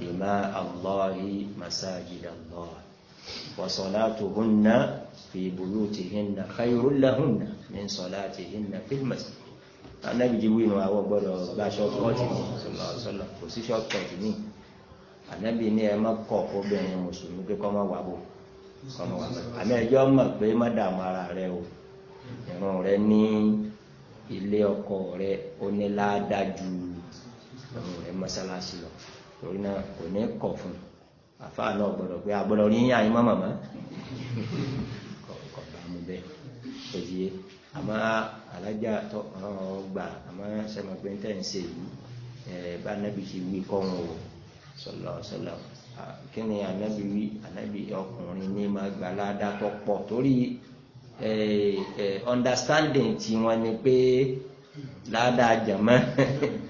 دماء الله مساجد الله وصلاتهن في بيوتهن خير لهن من صلاتهن في المسجد anabi jibu inu awọ gbọ́dọ̀ gba ṣọkọọtì ní sọlọ sọlọ kò sí ṣọkọọtì ní anabi ní ẹ má kọ obìnrin mùsùlùmí pé kọ́mọ wà bò kọ́mọ wà bò àmì ẹjọ́ mọ̀ pé má dààmú ara rẹ o ìrun rẹ ní ilé ọkọ rẹ ó ní ládàá ju ìrun rẹ mọ́sálásí lọ torí náà kò ní kọ̀ fún àfáà náà gbọ́dọ̀ pé àgbọ́dọ̀ rí yín àyín mọ́mọ́ kọ̀ bá mu bẹ́ẹ̀ èyí àmọ́ alájà tó gbà àmọ́ sẹ́mi pé ń tẹ̀ ń ṣe yìí ẹ̀ bá nábì ti wí kọ́ wọn o sọlọ sọlọ kí ni anabi wí anabi ọkùnrin ní ma gba aláda pọ̀ torí understanding tiwọn ni pé ládàá jàmọ́.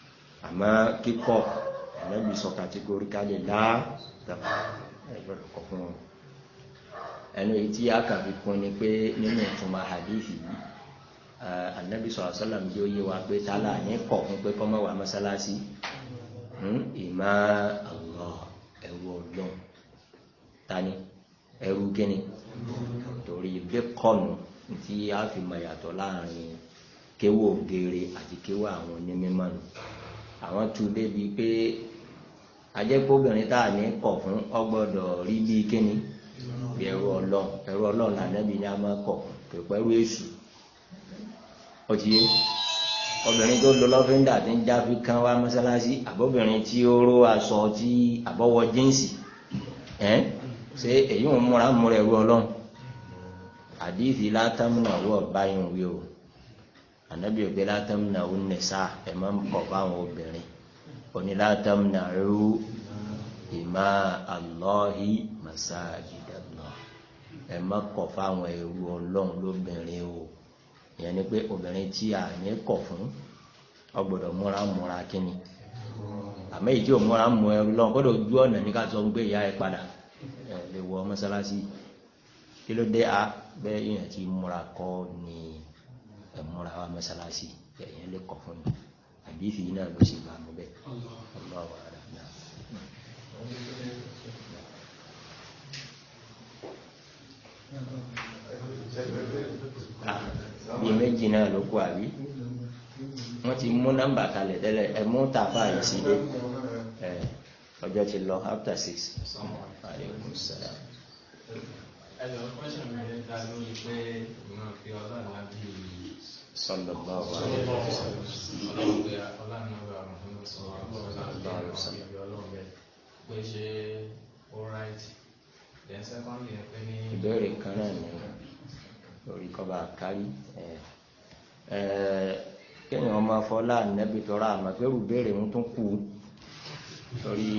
àmọ́ kíkọ́ ànábì sọ kàtígóríkálẹ̀ láà ẹgbẹ̀rún kọ̀ fún wọn ẹnu èyí tí a kà fi kún ni pé nínú ìtumọ̀ hadithi yìí anabi sọ̀rọ̀ sọ́là ń jó yé wa pé tálà hmm? Allah ẹ̀rù tani ẹ̀rù kíni torí bíkọ́nù tí a fi mọ̀ yàtọ̀ láàrin kéwò gèrè àti kéwò àwọn onímọ̀ àwọn tu débi pé ajẹ́kọ́bìnrin tá a ní kọ̀ fún ọgbọ́dọ̀ rí bí kíni bí ẹrú ọlọ́run ẹrú ọlọ́run lànàbí ni a máa kọ̀ pẹ̀pẹ́ rú èṣù ọtí yé obìnrin tó lo lọ́fíńdà tí ń já fi kán wá mọ́sálásí àbọ̀bìnrin tí ó ró aṣọ tí àbọ̀wọ̀ jíǹsì ẹ̀ ṣé èyí ń múra múra ẹrú ọlọ́run àdìsí látàmú àwọ̀ báyìí ń wí o anabi ògbé látàm nà ó nìsa ẹ máa ń kọ̀ fáwọn obìnrin òní látàm nà ó ìmá àlọ́hí masajidallah ẹ máa kọ̀ fáwọn ẹrú ọlọ́run lóbìnrin o ìyẹn ni pé obìnrin tí a ní kọ̀ fún ọgbọ́dọ̀ múra múra kínni àmọ́ ìdí òmúra mú ẹrú lọ́n kọ́dọ̀ ojú ọ̀nà ní ká sọ ń gbé ìyá ẹ padà ẹ lè wọ mọ́sálásí kí ló dé a bẹ́ẹ̀ yìnyín ti múra kọ́ ni àwa mọ́sálásí ẹ̀yẹn lè kọ́ fún mi àbí ìfì náà ló sì bá mú bẹ́ẹ̀ ọlọ́ àwọn ará náà. bíi méjì náà ló kú àbí wọ́n ti mú nọ́mbà kalẹ̀ tẹ́lẹ̀ ẹ̀ mú tàfà yìí sí dé ọjọ́ ti lọ after six. aleykum salaam ẹlọ kọ́ṣọ̀ mi dá lórí pé ìmọ̀ fi ọlọ́run á bí i sallallahu alaihi wasallam. ìbéèrè kan náà ni lórí kọba àkárí kéèyàn ọmọ afọlá nẹbi tọrọ àmàgbẹrù béèrè ń tún kú torí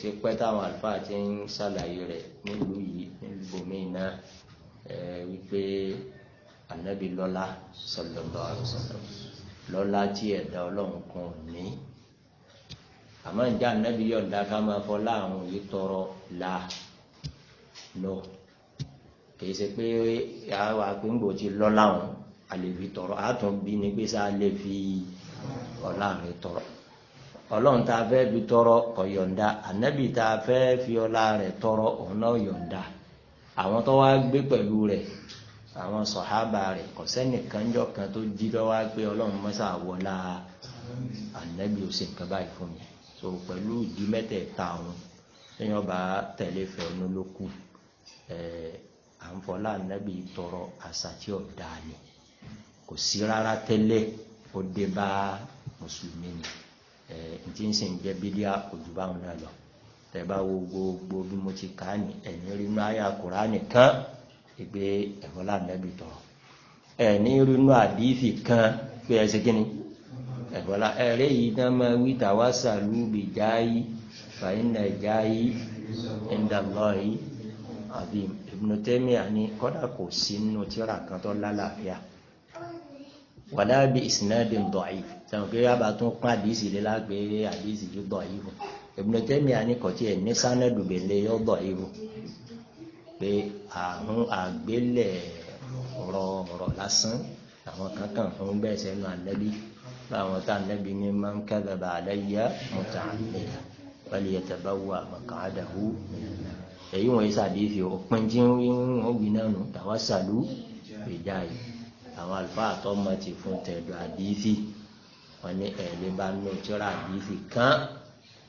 ti pẹ́ táwọn àlùfáà ti ń ṣàlàyé rẹ̀ nílùú yìí nílùú bòmíì náà wípé anabi lọ́lá sallallahu alaihi wasallam lọ́lá tí ẹ̀dá ọlọ́run kan ní àmọ́ ǹjẹ́ anabi yọ̀ǹda ká máa fọ́ láàrún yìí tọrọ la no kì í ṣe pé àwọn àpéǹgbò ti lọ́lá wọn àlèfi tọrọ àtún bí ni pé sáà lè fi ọlọ́run tọrọ ọlọ́run tá a fẹ́ fi tọrọ kò yọ̀ǹda anabi tá a fẹ́ fi ọlá tọrọ òun náà yọ̀ǹda àwọn tó wá gbé pẹ̀lú rẹ̀ àwọn sọ̀hábà rẹ̀ kò sẹ́nìkan jọ kan tó jí lọ́wọ́ pé ọlọ́run mọ́sá wọlá ànábì ó ṣe nǹkan báyìí fún mi so pẹ̀lú ìdí mẹ́tẹ̀ẹ̀ta àwọn téèyàn bá tẹ̀lé fẹ́ ọ̀nà ló kù à ń fọlá ànábì tọrọ àṣà tí ò dáa ni kò sí rárá tẹ́lẹ̀ ó dé bá mùsùlùmí ni ntí ń sìn jẹ́ bídíà òjú báwọn náà lọ tẹ̀ bá wo gbogbo bí mo ti kà á ẹ̀yìn rí inú àyà Kùránì ìgbé ẹ̀fọ́ lànàbì tọrọ ẹ̀ ní irunú àdífì kan pé ẹ ṣe kí ni ẹ̀fọ́ la ẹ̀rẹ́ yìí náà máa wí tàwa sàlú bì jáì fàyínà jáì ẹ̀ńdàlọ́ọ̀yì àbí Ibnu Taymiyyah ni kọ́dà kò sí nínú tíra kan tó lálàáfíà wàlá bí isnadin da'if sẹ́wọ̀n ni kò tiẹ̀ ní pé àrùn àgbélẹ̀ ọ̀rọ̀ ọ̀rọ̀ lásán àwọn kankan fún bẹ́ẹ̀ sẹ́nu ànábì báwọn tá ànábì ní man kadhaba alayya muta'ammidan falyatabawa maq'adahu èyí wọ̀nyí sàdéfì ọ̀pẹ́ tí wọ́n wí náà nù tawassalu ìjà yìí àwọn àlùfáà tó mọ̀ ti fún tẹ̀dọ̀ àdéfì wọn ní ẹ̀ẹ́dẹ́ bá nù tíra àdéfì kan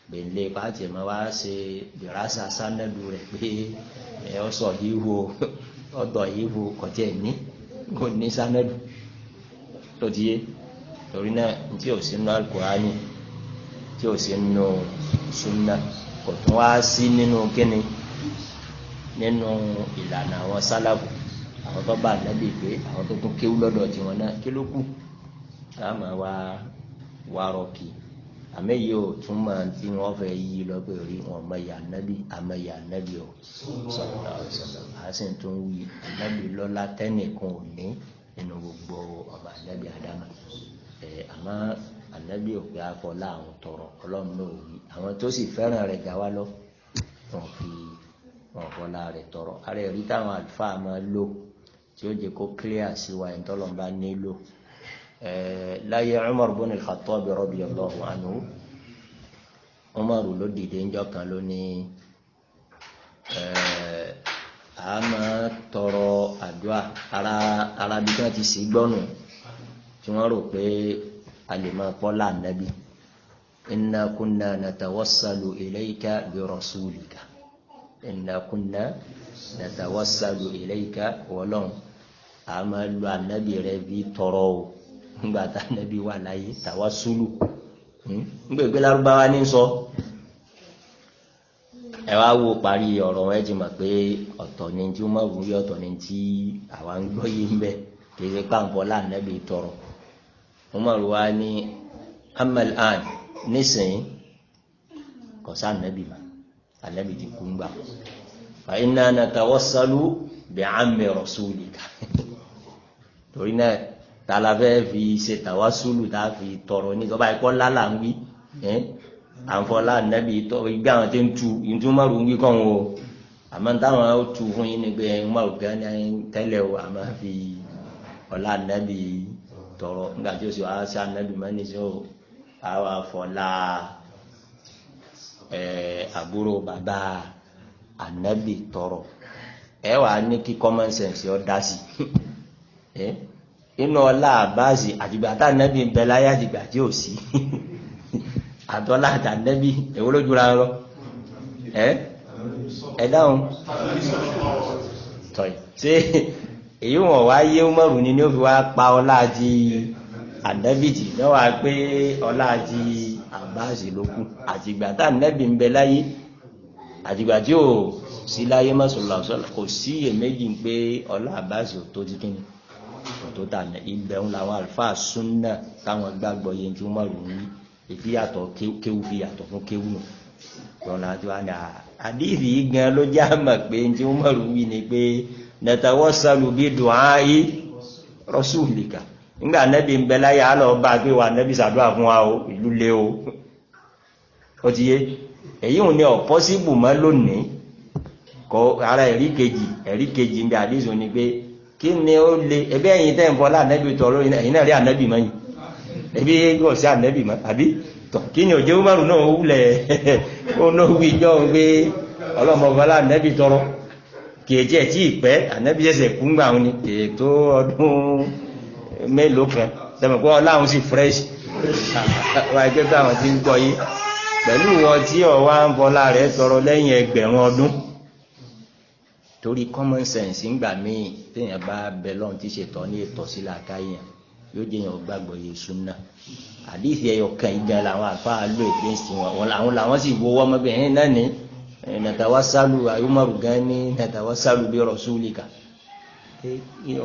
gbèlè pàtì wá ṣe dìrásà sánẹ́dù rẹ̀ pé ẹ ọ sọ híhu ọdọ híhu kọjá ní kò ní sanadu tó ti torí náà tí ò sínú alukurani tí ò sínú sunna kò tún wá sí nínú kíni nínú ìlànà àwọn sálàbù àwọn tó bá ànábì pé àwọn tó tún kéwú lọ́dọ̀ tiwọn náà kí àmẹ́yẹ ò tún máa tí wọ́n fẹ́ yí lọ rí wọn mẹ́yẹ ànábì àmẹ́yẹ ànábì ò sọ̀rọ̀ sọ̀rọ̀ a sì tún wí ànábì lọ́lá tẹ́nìkan ò ní nínú gbogbo ọmọ ànábì àdámà ẹ̀ àmọ́ ànábì ò pé afọlá àwọn tọrọ ọlọ́run náà ò wí àwọn tó sì fẹ́ràn rẹ̀ gà wá lọ wọn fi wọn fọlá rẹ̀ tọrọ ara ẹ̀rí táwọn àlùfáà máa lò tí ó jẹ́ kó clear sí wa ìtọ́lọ́mbá Eh, láyé Umar ibn al-Khattab radiyallahu anhu Umar ló dìde ńjọ́ kan ló ní eh, a máa tọrọ àdúrà ara ara bí wọ́n ti sì gbọ́nù tí wọ́n rò pé a lè máa pọ́ láànábì inna kunna natawassalu ilayka bi rasulika inna kunna natawassalu ilayka a máa lu ànábì rẹ bí tọrọ o nígbà tá nẹ́bí wà láyé tàwa sùlù hmm? ngbègbè lárúbáwá ní sọ ẹ wá wo parí ọ̀rọ̀ ẹ ti mọ̀ pé ọ̀tọ̀ ni tí ó mọ̀ wúrí ọ̀tọ̀ ni tí àwa ń gbọ́ yìí ń bẹ̀ kì í ṣe pàǹpọ̀ láàánẹ́bí tọrọ mo mọ̀ wá ní amal an nísìnyí kò sá ànẹ́bí mà ànẹ́bí ti kú ń gbà fa inna natawassalu bi ammi rasulika torí náà ta la fẹ́ fi ṣe ta sùlù tá a fi tọrọ ní sọ́ba ẹ̀kọ́ lálà la wí àǹfọ̀lá nẹ́bi tọ́ igbá àwọn tí ń tu ìtumọ̀rù ń wí kàn wọ́n o àmọ́ táwọn ó tu fún ne ni pé umaru gan ni tẹ́lẹ̀ o àmọ́ fi ọ̀la nẹ́bi tọrọ nígbà tí o sì wá sí anẹ́bi mọ́ níṣẹ́ o àwọn àfọ̀lá àbúrò bàbá anẹ́bi tọrọ ẹ wà ní kí common sense ọ dá sí inú ọlá àbáàsì àtìgbà tá nẹ́bí ń bẹ láyé àtìgbà tí ò sí àtọ́lá àtànẹ́bí èwo ló jura lọ ẹ ẹ dáhùn tọ́yì ṣé èyí wọn wá yé mọ́rùn ni ni ó fi wá pa ọlá àti ànẹ́bí tì náà wá pé ọlá àti àbáàsì ló kù àtìgbà tá nẹ́bí ń bẹ láyé àtìgbà tí ò sí láyé mọ́sọ̀lọ́sọ̀lọ́ kò sí èméjì pé ọlá àbáàsì ò tó ti kíni ọ̀tọ̀ tà ní ibẹ̀ ń làwọn àlùfáà súnà táwọn gbàgbọ́ yẹn tí wọ́n rò ní ìfi yàtọ̀ kéwù fi yàtọ̀ fún kéwù nù lọ́nà àti wà ní ah, àdìsí gan ló jẹ́ àmọ̀ pé tí wọ́n rò wí ni pé nàtàwọ́ sálùbí dùn áyí rọ́ṣùlìkà nígbà nẹ́bí ń bẹ láyé àlọ́ bá a pé wà nẹ́bí sàdúrà fún wa o ìlú lé o ó ti yé èyí ò ní ọ̀pọ̀ síbù mọ́ lónìí kọ ara ẹ̀rí kejì ẹ̀rí kejì ń bẹ àdìsí ni pé kí ni ó le ẹbí ẹ̀yin tẹ́ ń fọ́ lánàbí tọrọ ẹ̀yin náà rí ànábì mọ́ yìí ẹbí kò sí ànábì mọ́ àbí tọ̀ kí ni òjò umaru náà ó wulẹ̀ ó náà wí jọ pé ọlọ́mọba lánàbí tọrọ kèjì ẹ̀ tí ì ṣẹ̀ṣẹ̀ kú ńgbà wọn ni ètò ọdún mélòó kan sẹ́mi pé ọláhùn sì fresh wà á gbé báwọn ti ń gbọ́ yìí pẹ̀lú wọn tí ọ̀wá ń bọ́lá rẹ̀ tọrọ lẹ́yìn ẹgbẹ̀rún ọdún torí common sense ńgbà míì téèyàn bá bẹ lọ́run tí ṣètọ́ ní ètò sílá káyàn yóò jẹ́ yẹn gbàgbọ́ yé sunna àdìsí ẹ̀yọ kan ìgbà làwọn àfáà lò against wọn àwọn làwọn sì wọ́wọ́ ọmọbìnrin náà ní nàtàwá sálù ayọ́mọ̀rù gan ní nàtàwá sálù bí rasulika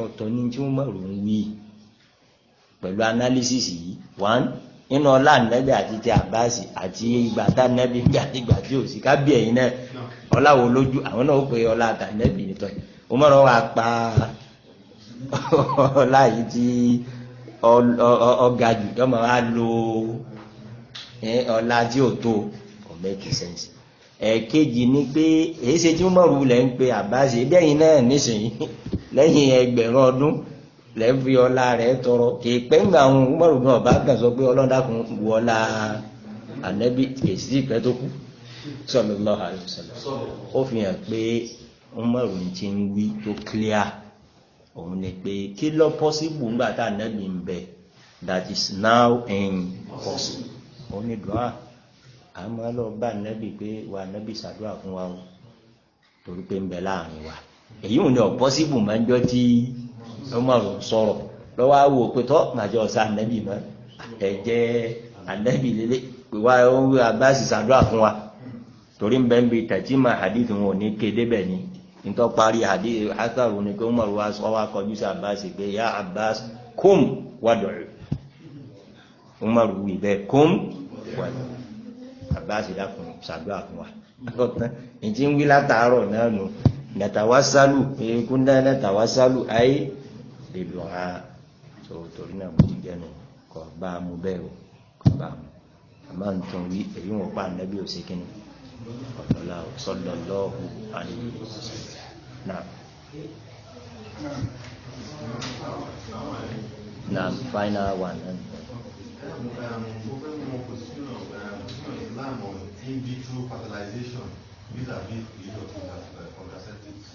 ọ̀tọ̀ ní tí wọ́n mọ̀rù ń wí pẹ̀lú analysis yìí one nínú ọlá nẹ́bí àti ti àbáàsì àti ìgbà tá nẹ́bí àti ìgbà tí ò sí kábíyẹ̀yìn náà ọlá wo lójú àwọn náà ó pe ọlá àtàlẹ́bì nìtọ́ yìí ó mọ̀rọ̀ wá pa ọlá yìí tí ọgá jù tó máa wá lo ọlá tí ò tó kò make sense ẹ̀ẹ̀kejì ni pé èyí ṣe tí mọ̀rù lẹ́ ń pe àbáṣe bẹ́yìn náà nísìnyí lẹ́yìn ẹgbẹ̀rún ọdún lẹ́ẹ̀fi ọlá rẹ̀ tọrọ kì í pẹ́ ń gbà àwọn mọ̀rù náà bá kàn sọ pé ọlọ́dàkùn wọlá ànẹ́bí kèsì ìpẹ́ tó kù. sallallahu alaihi ó fi hàn pé Umaru ti ń wí tó clear òun ni pé kí ló possible ńgbà tá is now impossible òun ni dùn á àmọ́ lọ bá nẹ́bi pé wà nẹ́bi ṣàdúrà fún wa o torí pé ń bẹ láàrin wa èyí ò ní ọ̀pọ́síbù máa ń jọ tí Umaru sọ̀rọ̀ lọ́wọ́ àwò pé màjọ sa anẹ́bi mọ́ ẹ̀jẹ̀ anẹ́bi lélẹ̀ pé wá ó wa. torí ń bẹ́ ń bi tẹ̀tíma hadith wọn ò ní kéde bẹ́ẹ̀ ni nítorí parí hadith hasaru ni pé umar wa sọ wa kọjú sí abbas pé ya abbas kum wadọ̀ umar wí bẹ́ẹ̀ kum wadọ̀ abbas dákun ṣàdúrà fún wa lọ́tàn ìtí ń wí látàárọ̀ náà nù nàtàwásálù ekúndà nàtàwásálù ayé lè lọ́ ha tó torí náà mo ti jẹ́nu kọ̀ bá a mú bẹ́ẹ̀ o kọ̀ bá a mú àmọ́ nǹkan wí èyí wọn pa ànábì òsèkínní. ọ̀tọ̀lá sallallahu alaihi wasallam náà náà final one in vitro fertilization vis-à-vis contraceptives.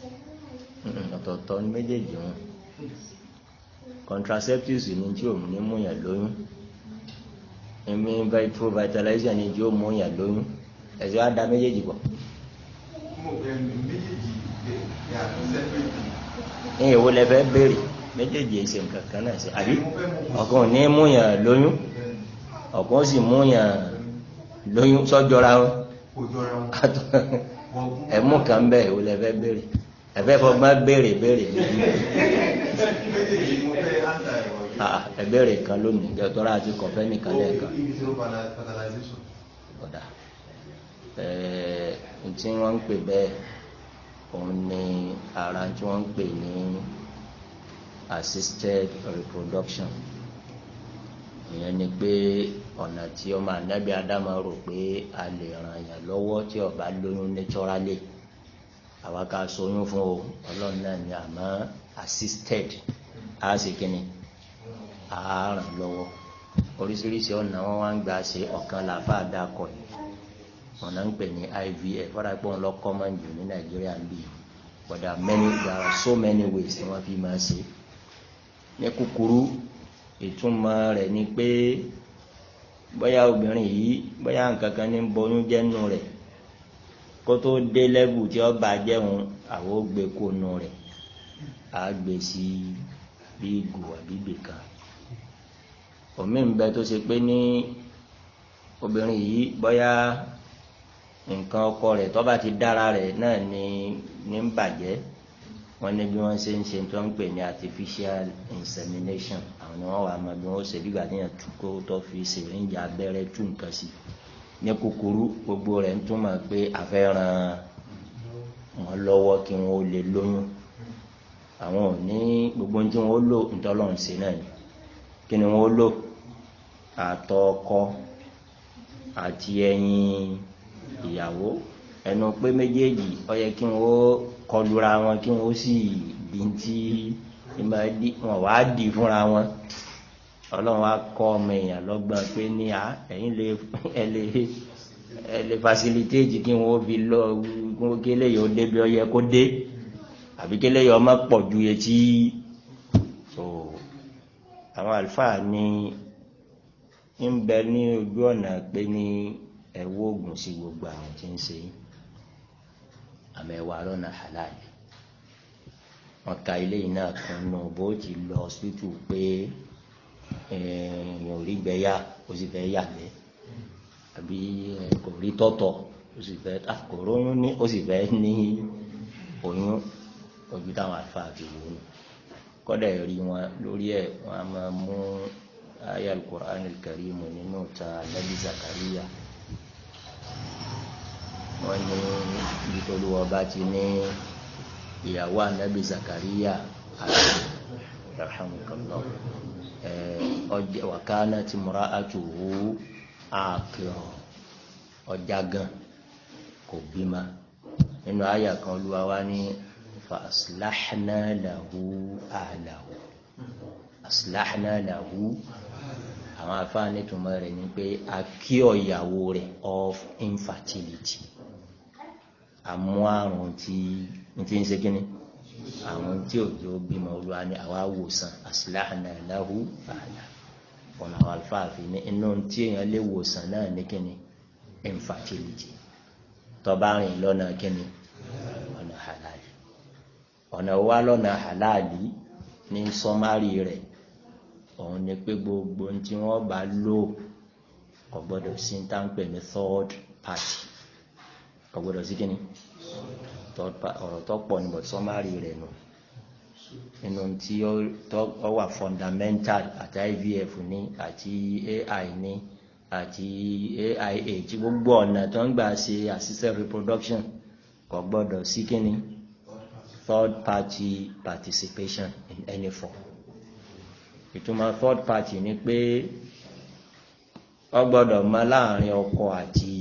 ọ̀tọ̀ọ̀tọ̀ ní méjèèjì wọn contraceptives ni tí òun ní mú yàn lóyún in vitro ni tí ó mú lóyún. ẹ̀sìn wa da méjèèjì bọ̀. ní ìwo lẹ fẹ́ béèrè méjèèjì èsì nǹkan kan náà sí àbí ọ̀kan ò ní mú yàn lóyún ọ̀kan ó sì mú yàn lóyún sọ́jọ́ra wọn ẹ̀mú kan bẹ́ẹ̀ ìwo lẹ fẹ́ béèrè ẹ̀fẹ́ fọgbọ́n béèrè béèrè ẹ̀bẹ̀rẹ̀ kan lónìí ìjọ tọ́ra àti kọ̀fẹ́ nìkan lẹ́ẹ̀kan ẹ̀ẹ́n eh, tí wọ́n ń pè bẹ́ẹ̀ òun ni ara tí wọ́n ń pè ní assisted reproduction ìyẹn ni pé ọ̀nà tí ọmọ ànábì adama rò pé a lè ràn yàn lọ́wọ́ tí ó bá lóyún naturally àwa ká soyún fún o ọlọ́run náà ni àmọ́ assisted á sì kíni á ràn lọ́wọ́ oríṣiríṣi ọ̀nà wọn wá ń gbà ṣe ọ̀kan làbá àdàkọ̀ yìí ọ̀nà ń pè ní IVF fọ́nà pé òun lọ common jù ní Nàìjíríà ń but there are many there are so many ways tí wọ́n fi máa ṣe ní kúkúrú ìtumọ̀ rẹ̀ ni pé bóyá obìnrin yìí bóyá nǹkan kan ní bọyún jẹ́nu rẹ̀ kó tó dé lẹ́bù tí ó bá jẹun àwọn ó gbé kónú rẹ̀ á gbé sí bí ìgò àbí gbèkan òmíì ń bẹ tó ṣe pé ní obìnrin yìí Bóyá nǹkan ọkọ rẹ̀ tó bá ti dára rẹ̀ náà ní ní ń bàjẹ́ wọn ní bí wọn ṣe ń ṣe tó ń pè ní artificial insemination àwọn ni wọn wà mọ bí wọn ó ṣe bí gbàdé yẹn tú kó tó fi ṣèlérí abẹ́rẹ́ tú nǹkan sí ní kúkúrú gbogbo rẹ̀ ń túmọ̀ pé àfẹ́ràn wọn lọ́wọ́ kí wọn lè lóyún àwọn ò ní gbogbo ohun tí wọn ó lò ntọ́lọ́run sí náà ni kí ni wọn lò àtọ̀ ọkọ àti ẹyin ìyàwó ẹnu pé méjèèjì ó yẹ kí wọ́n kọlura wọn kí wọ́n sì di ti wọn wàá di fúnra wọn ọlọ́run wa kọ́ ọmọ èèyàn lọ́gbọ́n pé ní à ẹ̀yin lè ẹ lè fasilitéètì kí wọ́n fi lọ kí eléyìí ó dé bí ó yẹ kó dé àbí kí eléyìí ọmọ pọ̀ ju etí so àwọn àlùfáà ni ń bẹ ní ojú ọ̀nà pé ní ẹ wóògùn sí gbogbo àwọn tí ń ṣe yín àmọ́ ẹ wà lọ́nà halal wọn ka ilé yìí náà kan nù bó ti lọ síbítù pé èèyàn ò rí gbẹ́yà ó sì fẹ́ yàgbẹ́ àbí kò rí tọ́tọ̀ ó sì fẹ́ kò róyún ní ó sì fẹ́ ní oyún ojú táwọn àfáà wò ó kọ́dà rí wọn lórí ẹ̀ wọ́n á máa mú ayé al-Qur'an al-Karim nínú ta Ànábì Zakariya. No wọ́n ní ibi tó lù ọba ti ní ìyàwó anabi zakariya àti rahmanukallah ọjọ wakana ti múra àtúwò àkìrọ ọjà gan kò bímọ nínú àyà kan olúwa wa ní fa asilahana lahu ahlahu asilahana lahu àwọn afáàní tó mọ rẹ ni pé a ìyàwó rẹ of infertility. àmú àrùn tí ti ń ṣe kínní àwọn tí òjò bímọ olúwa ni àwa wòsàn aslahna lahu fàlà ọ̀nà àwọn alfáàfi ní inú tí èèyàn lè wòsàn náà ní kínní infertility tọba rìn lọ́nà kínní ọ̀nà halali ọ̀nà wa lọ́nà ní sọ́márì rẹ̀ òun ni pé gbogbo tí wọ́n bá lò sí ń ní third party. kò sí kíni ọ̀rọ̀ tó pọ̀ níbọ̀ sọ́márì rẹ̀ nù inú tí ó wà fundamental àti IVF ní àti AI ní àti AIA tí gbogbo ọ̀nà tó ń gbà ṣe assisted reproduction kò gbọdọ̀ sí kíni third party participation in any form ìtumọ̀ third party ni pé ọ gbọdọ̀ mọ láàrin ọkọ àti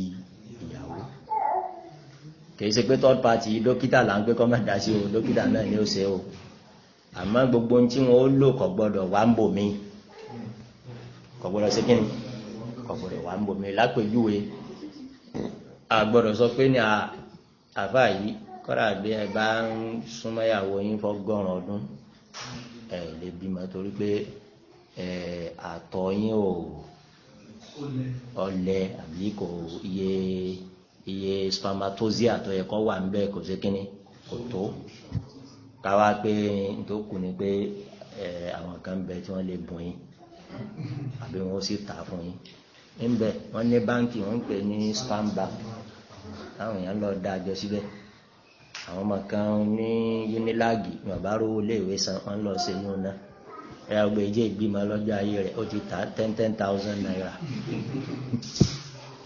kì í ṣe pé third party dókítà là ń gbé kọ́ máa dá sí o dókítà náà ni ó ṣe o àmọ́ gbogbo ohun tí wọ́n ó lò kò gbọ́dọ̀ wà ń bò mí kò gbọ́dọ̀ ṣe kí ni kò gbọ́dọ̀ wà ń bò mí lápèjúwe a gbọ́dọ̀ sọ pé ní àfa yìí kọ́ra bí ẹ bá ń súnmọ́yàwó yín fọ́gọ́rùn ọdún ẹ lè bímọ torí pé àtọ̀ yín ò ọlẹ̀ àbí kò yẹ iye spermatosia tó yẹ kó wà ń bẹ́ẹ̀ kò sí kínní kò tó káwá pé tó kù ni pé àwọn kan bẹ tí wọ́n lè bùn yín àbí wọ́n sì tà fún yín ńbẹ wọ́n ní báńkì wọ́n ń pè ní spam bank táwọn èèyàn lọ dá àjọ síbẹ̀ àwọn ọmọ kan ní unilag bàbá rówó iléèwé san wọ́n lọ sí inú náà ẹ ọgbẹ́ ìjẹ́ ìgbìmọ̀ lọ́jọ́ ayé rẹ̀ ó ti ta ten ten thousand naira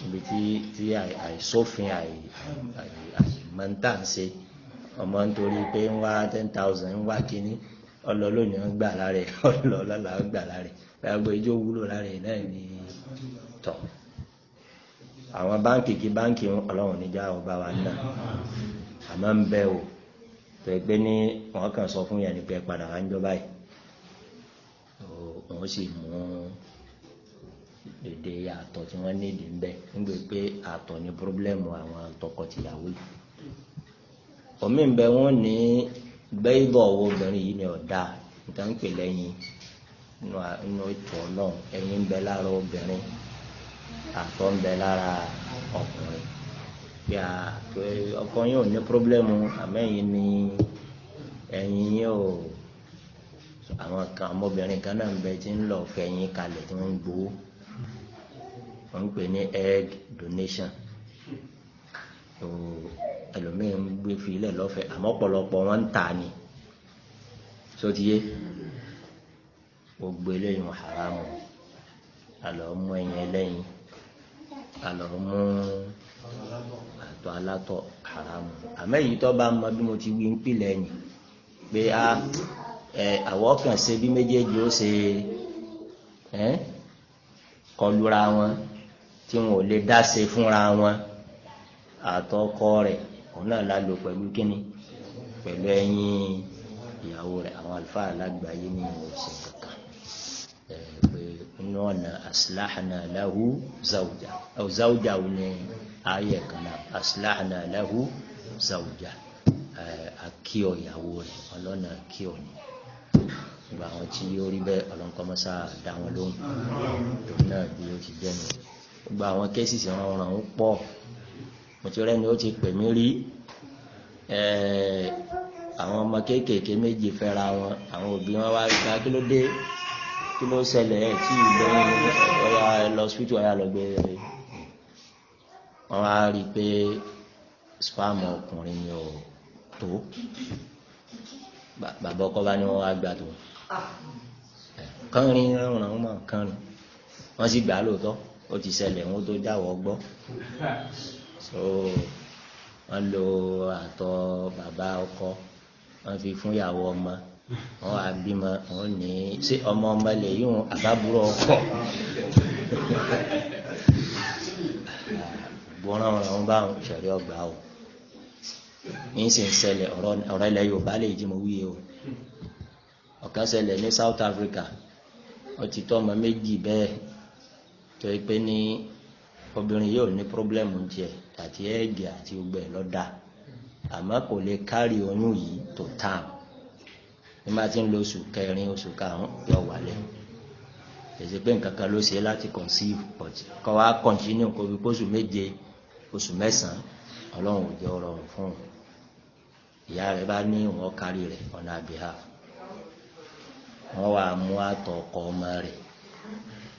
ibi tí tí àìsófin àìmọ̀ntànṣe ọmọ nítorí pé ń wá ten thousand ń wá kínní ọlọ lónìí ń gbà lára ẹ ọlọ lọlá ń gbà lára ẹ gbàgbọ́ ijó wúlò lára ẹ náà ní tọ̀ àwọn báńkì kí báńkì ọlọ́run níjà ọba wa náà àmọ́ ń bẹ o tó ẹgbẹ́ ní wọ́n kàn sọ fún yẹn ni pé padà wá ń jọba yìí wọ́n sì mú un dèdè àtọ̀ tí wọ́n ní ìdínbẹ́ nígbè pé àtọ̀ ni pírọ́blẹ́mù àwọn tọkọtìyàwó yìí omi ń bẹ wọ́n ní bẹ́ẹ̀bọ̀ owó obìnrin yìí ni ọ̀dà nǹkan ń pè lẹ́yìn inú ètò ọlọ́run ẹ̀yìn ń bẹ lára obìnrin àtọ̀ ń bẹ lára ọkùnrin bí a ọkọ yín ò ní pírọ́blẹ́mù àmẹ́yìn ni ẹ̀yìn yín ò àwọn kan ọmọbìnrin kan náà ń bẹ tí ń lọ fẹ̀yìn kalẹ̀ tí wọ́n ń gbowó wọ́n ń pè ní egg donation tó ẹlòmíì ń gbé filẹ̀ lọ́fẹ̀ẹ́ àmọ́ ọ̀pọ̀lọpọ̀ wọ́n ń tà ní sotiye gbogbo eléyìí haramu alọ mú ẹyin ẹlẹyin alọ mú àtọ alátọ haramu àmẹyìí tó bá mọ bí mo ti wí ń pilẹ ẹyìn pé a ẹ àwọ kan ṣe bí méjèèjì ó ṣe ẹ kọlura wọn tí wọn ò lè dá ṣe fúnra wọn àtọkọ rẹ̀ òun náà la lò pẹ̀lú kíni pẹ̀lú ẹ̀yin ìyàwó rẹ̀ àwọn àlùfáà lágbàáyé ní ìwọ̀n ṣe kankan pé inú ọ̀nà aslahna lahu zawja aw zawja ò ní ayé kan náà aslahna lahu zawja akí ọ ìyàwó rẹ̀ ọlọ́nà akí ọ ni gbogbo àwọn tí yóò rí bẹ́ẹ̀ ọlọ́nkọ́mọ́sá dá lóhùn tòun náà bí ó ti jẹ́ gbogbo àwọn kéésìsì wọn ràn ń pọ̀ mo ti rẹ́ni ó ti pè mí rí àwọn ọmọ kéékèèké méjì fẹ́ra wọn àwọn òbí wọn wá gba kí ló dé kí ló ṣẹlẹ̀ ẹ̀ tí ìgbẹ́yìn ọ̀yà lọ síwítù ọ̀yà lọ gbé rẹ̀ wọn wá rí i pé spam ọkùnrin ni ò tó bàbá ọkọ bá ní wọn wá gbà tó kánrin ràn wọn kánrin wọn sì gbà á lóòótọ́ ó ti ṣẹlẹ̀ wọn tó dáwọ́ gbọ́ so wọ́n lo àtọ̀ bàbá ọkọ wọ́n fi fún ìyàwó ọmọ wọ́n wá bímọ wọ́n ní ṣé ọmọ ọmọ lè yíwọn àbábúrò ọkọ gbọ́nràn ọ̀rọ̀ bá ń ṣẹ̀rí ọgbà o yín sì ń ṣẹlẹ̀ ọ̀rọ̀ ilẹ̀ Yorùbá lè jí mo wíye o ọ̀kan ṣẹlẹ̀ ní South Africa ó ti tọ́ ọmọ méjì bẹ́ẹ̀ tó yẹ pé ní obìnrin yóò ní pírọ́blẹ́mù tiẹ̀ àti ẹ̀gì àti gbogbo ẹ̀ lọ́dà àmọ́ kò lè kárí oyún yìí tó tán ní bá ti ń lo oṣù kẹrin oṣù karùn-ún yóò wálé èsì pé nǹkan kan ló ṣe láti conceive but kọ́ wa continue kó fi kóṣù méje oṣù mẹ́sàn-án ọlọ́run ò jẹ́ ọ̀rọ̀ fún un ìyá rẹ̀ bá ní wọn kárí rẹ̀ on her behalf wọ́n wàá mú àtọ̀ ọmọ rẹ̀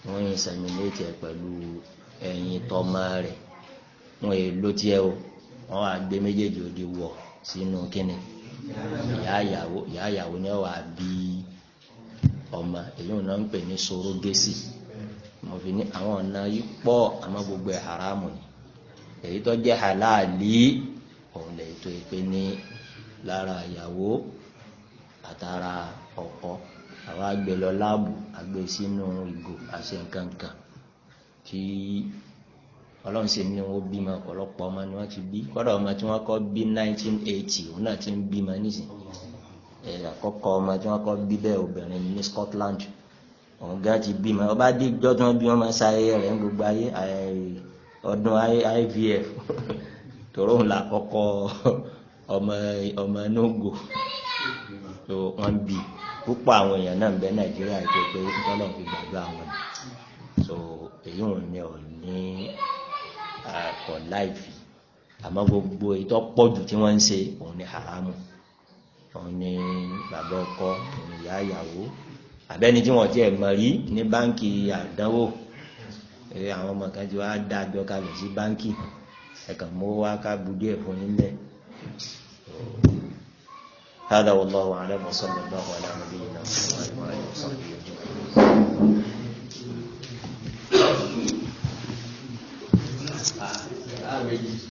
wọ́n inseminate ẹ̀ pẹ̀lú ẹyin tọ́mọ rẹ̀ wọ́n yẹ ló wọ́n gbé méjèèjì òdi sínú kínní ìyá ìyàwó ni wọ́n wá bí ọmọ èyí náà ń pè ní àwọn ọ̀nà yìí pọ̀ àmọ́ ni èyí tó jẹ́ halali òun lè tó ìpè ní lára àtàrà ọkọ. àwọn àgbẹ̀ lọ láàbù àgbẹ̀ sínú ìgò àṣẹ nkankan tí ọlọ́run sì ní wọ́n bímọ ọ̀pọ̀lọpọ̀ ọmọ ni wọ́n ti bí kọ́dọ̀ ọmọ tí wọ́n kọ́ bí 1980 òun náà ti ń bímọ nísìnyí àkọ́kọ́ ọmọ tí wọ́n kọ́ bí bẹ́ẹ̀ obìnrin ní Scotland òun gá ti bímọ ọba díjọ́ tí wọ́n bí wọ́n máa ṣayẹyẹ rẹ̀ ń gbogbo ayé ọdún IVF tòró òun là kọ́kọ́ ọmọ ọmọ nógò wọ́n bí i. púpọ̀ àwọn èèyàn náà ń bẹ nàìjíríà jẹ́ pé tọ́lọ̀ fi gbàdúrà wọn ni so èyí ò ní ò ní àkọ́ láìfi àmọ́ gbogbo ìtọ́ pọ̀jù tí wọ́n ń ṣe òun ni haramu òun ni bàbá ọkọ òun ìyá ìyàwó àbẹ́ni tí wọ́n tiẹ̀ mọ̀ rí ní báńkì àdánwò eré àwọn ọmọ kan ti wá dá àjọ kalẹ̀ sí báńkì ẹ̀kan mọ́ wá ká budú ẹ̀ yín bẹ́ẹ̀. هذا والله أعلم وصلى الله على نبينا محمد وآله وصحبه أجمعين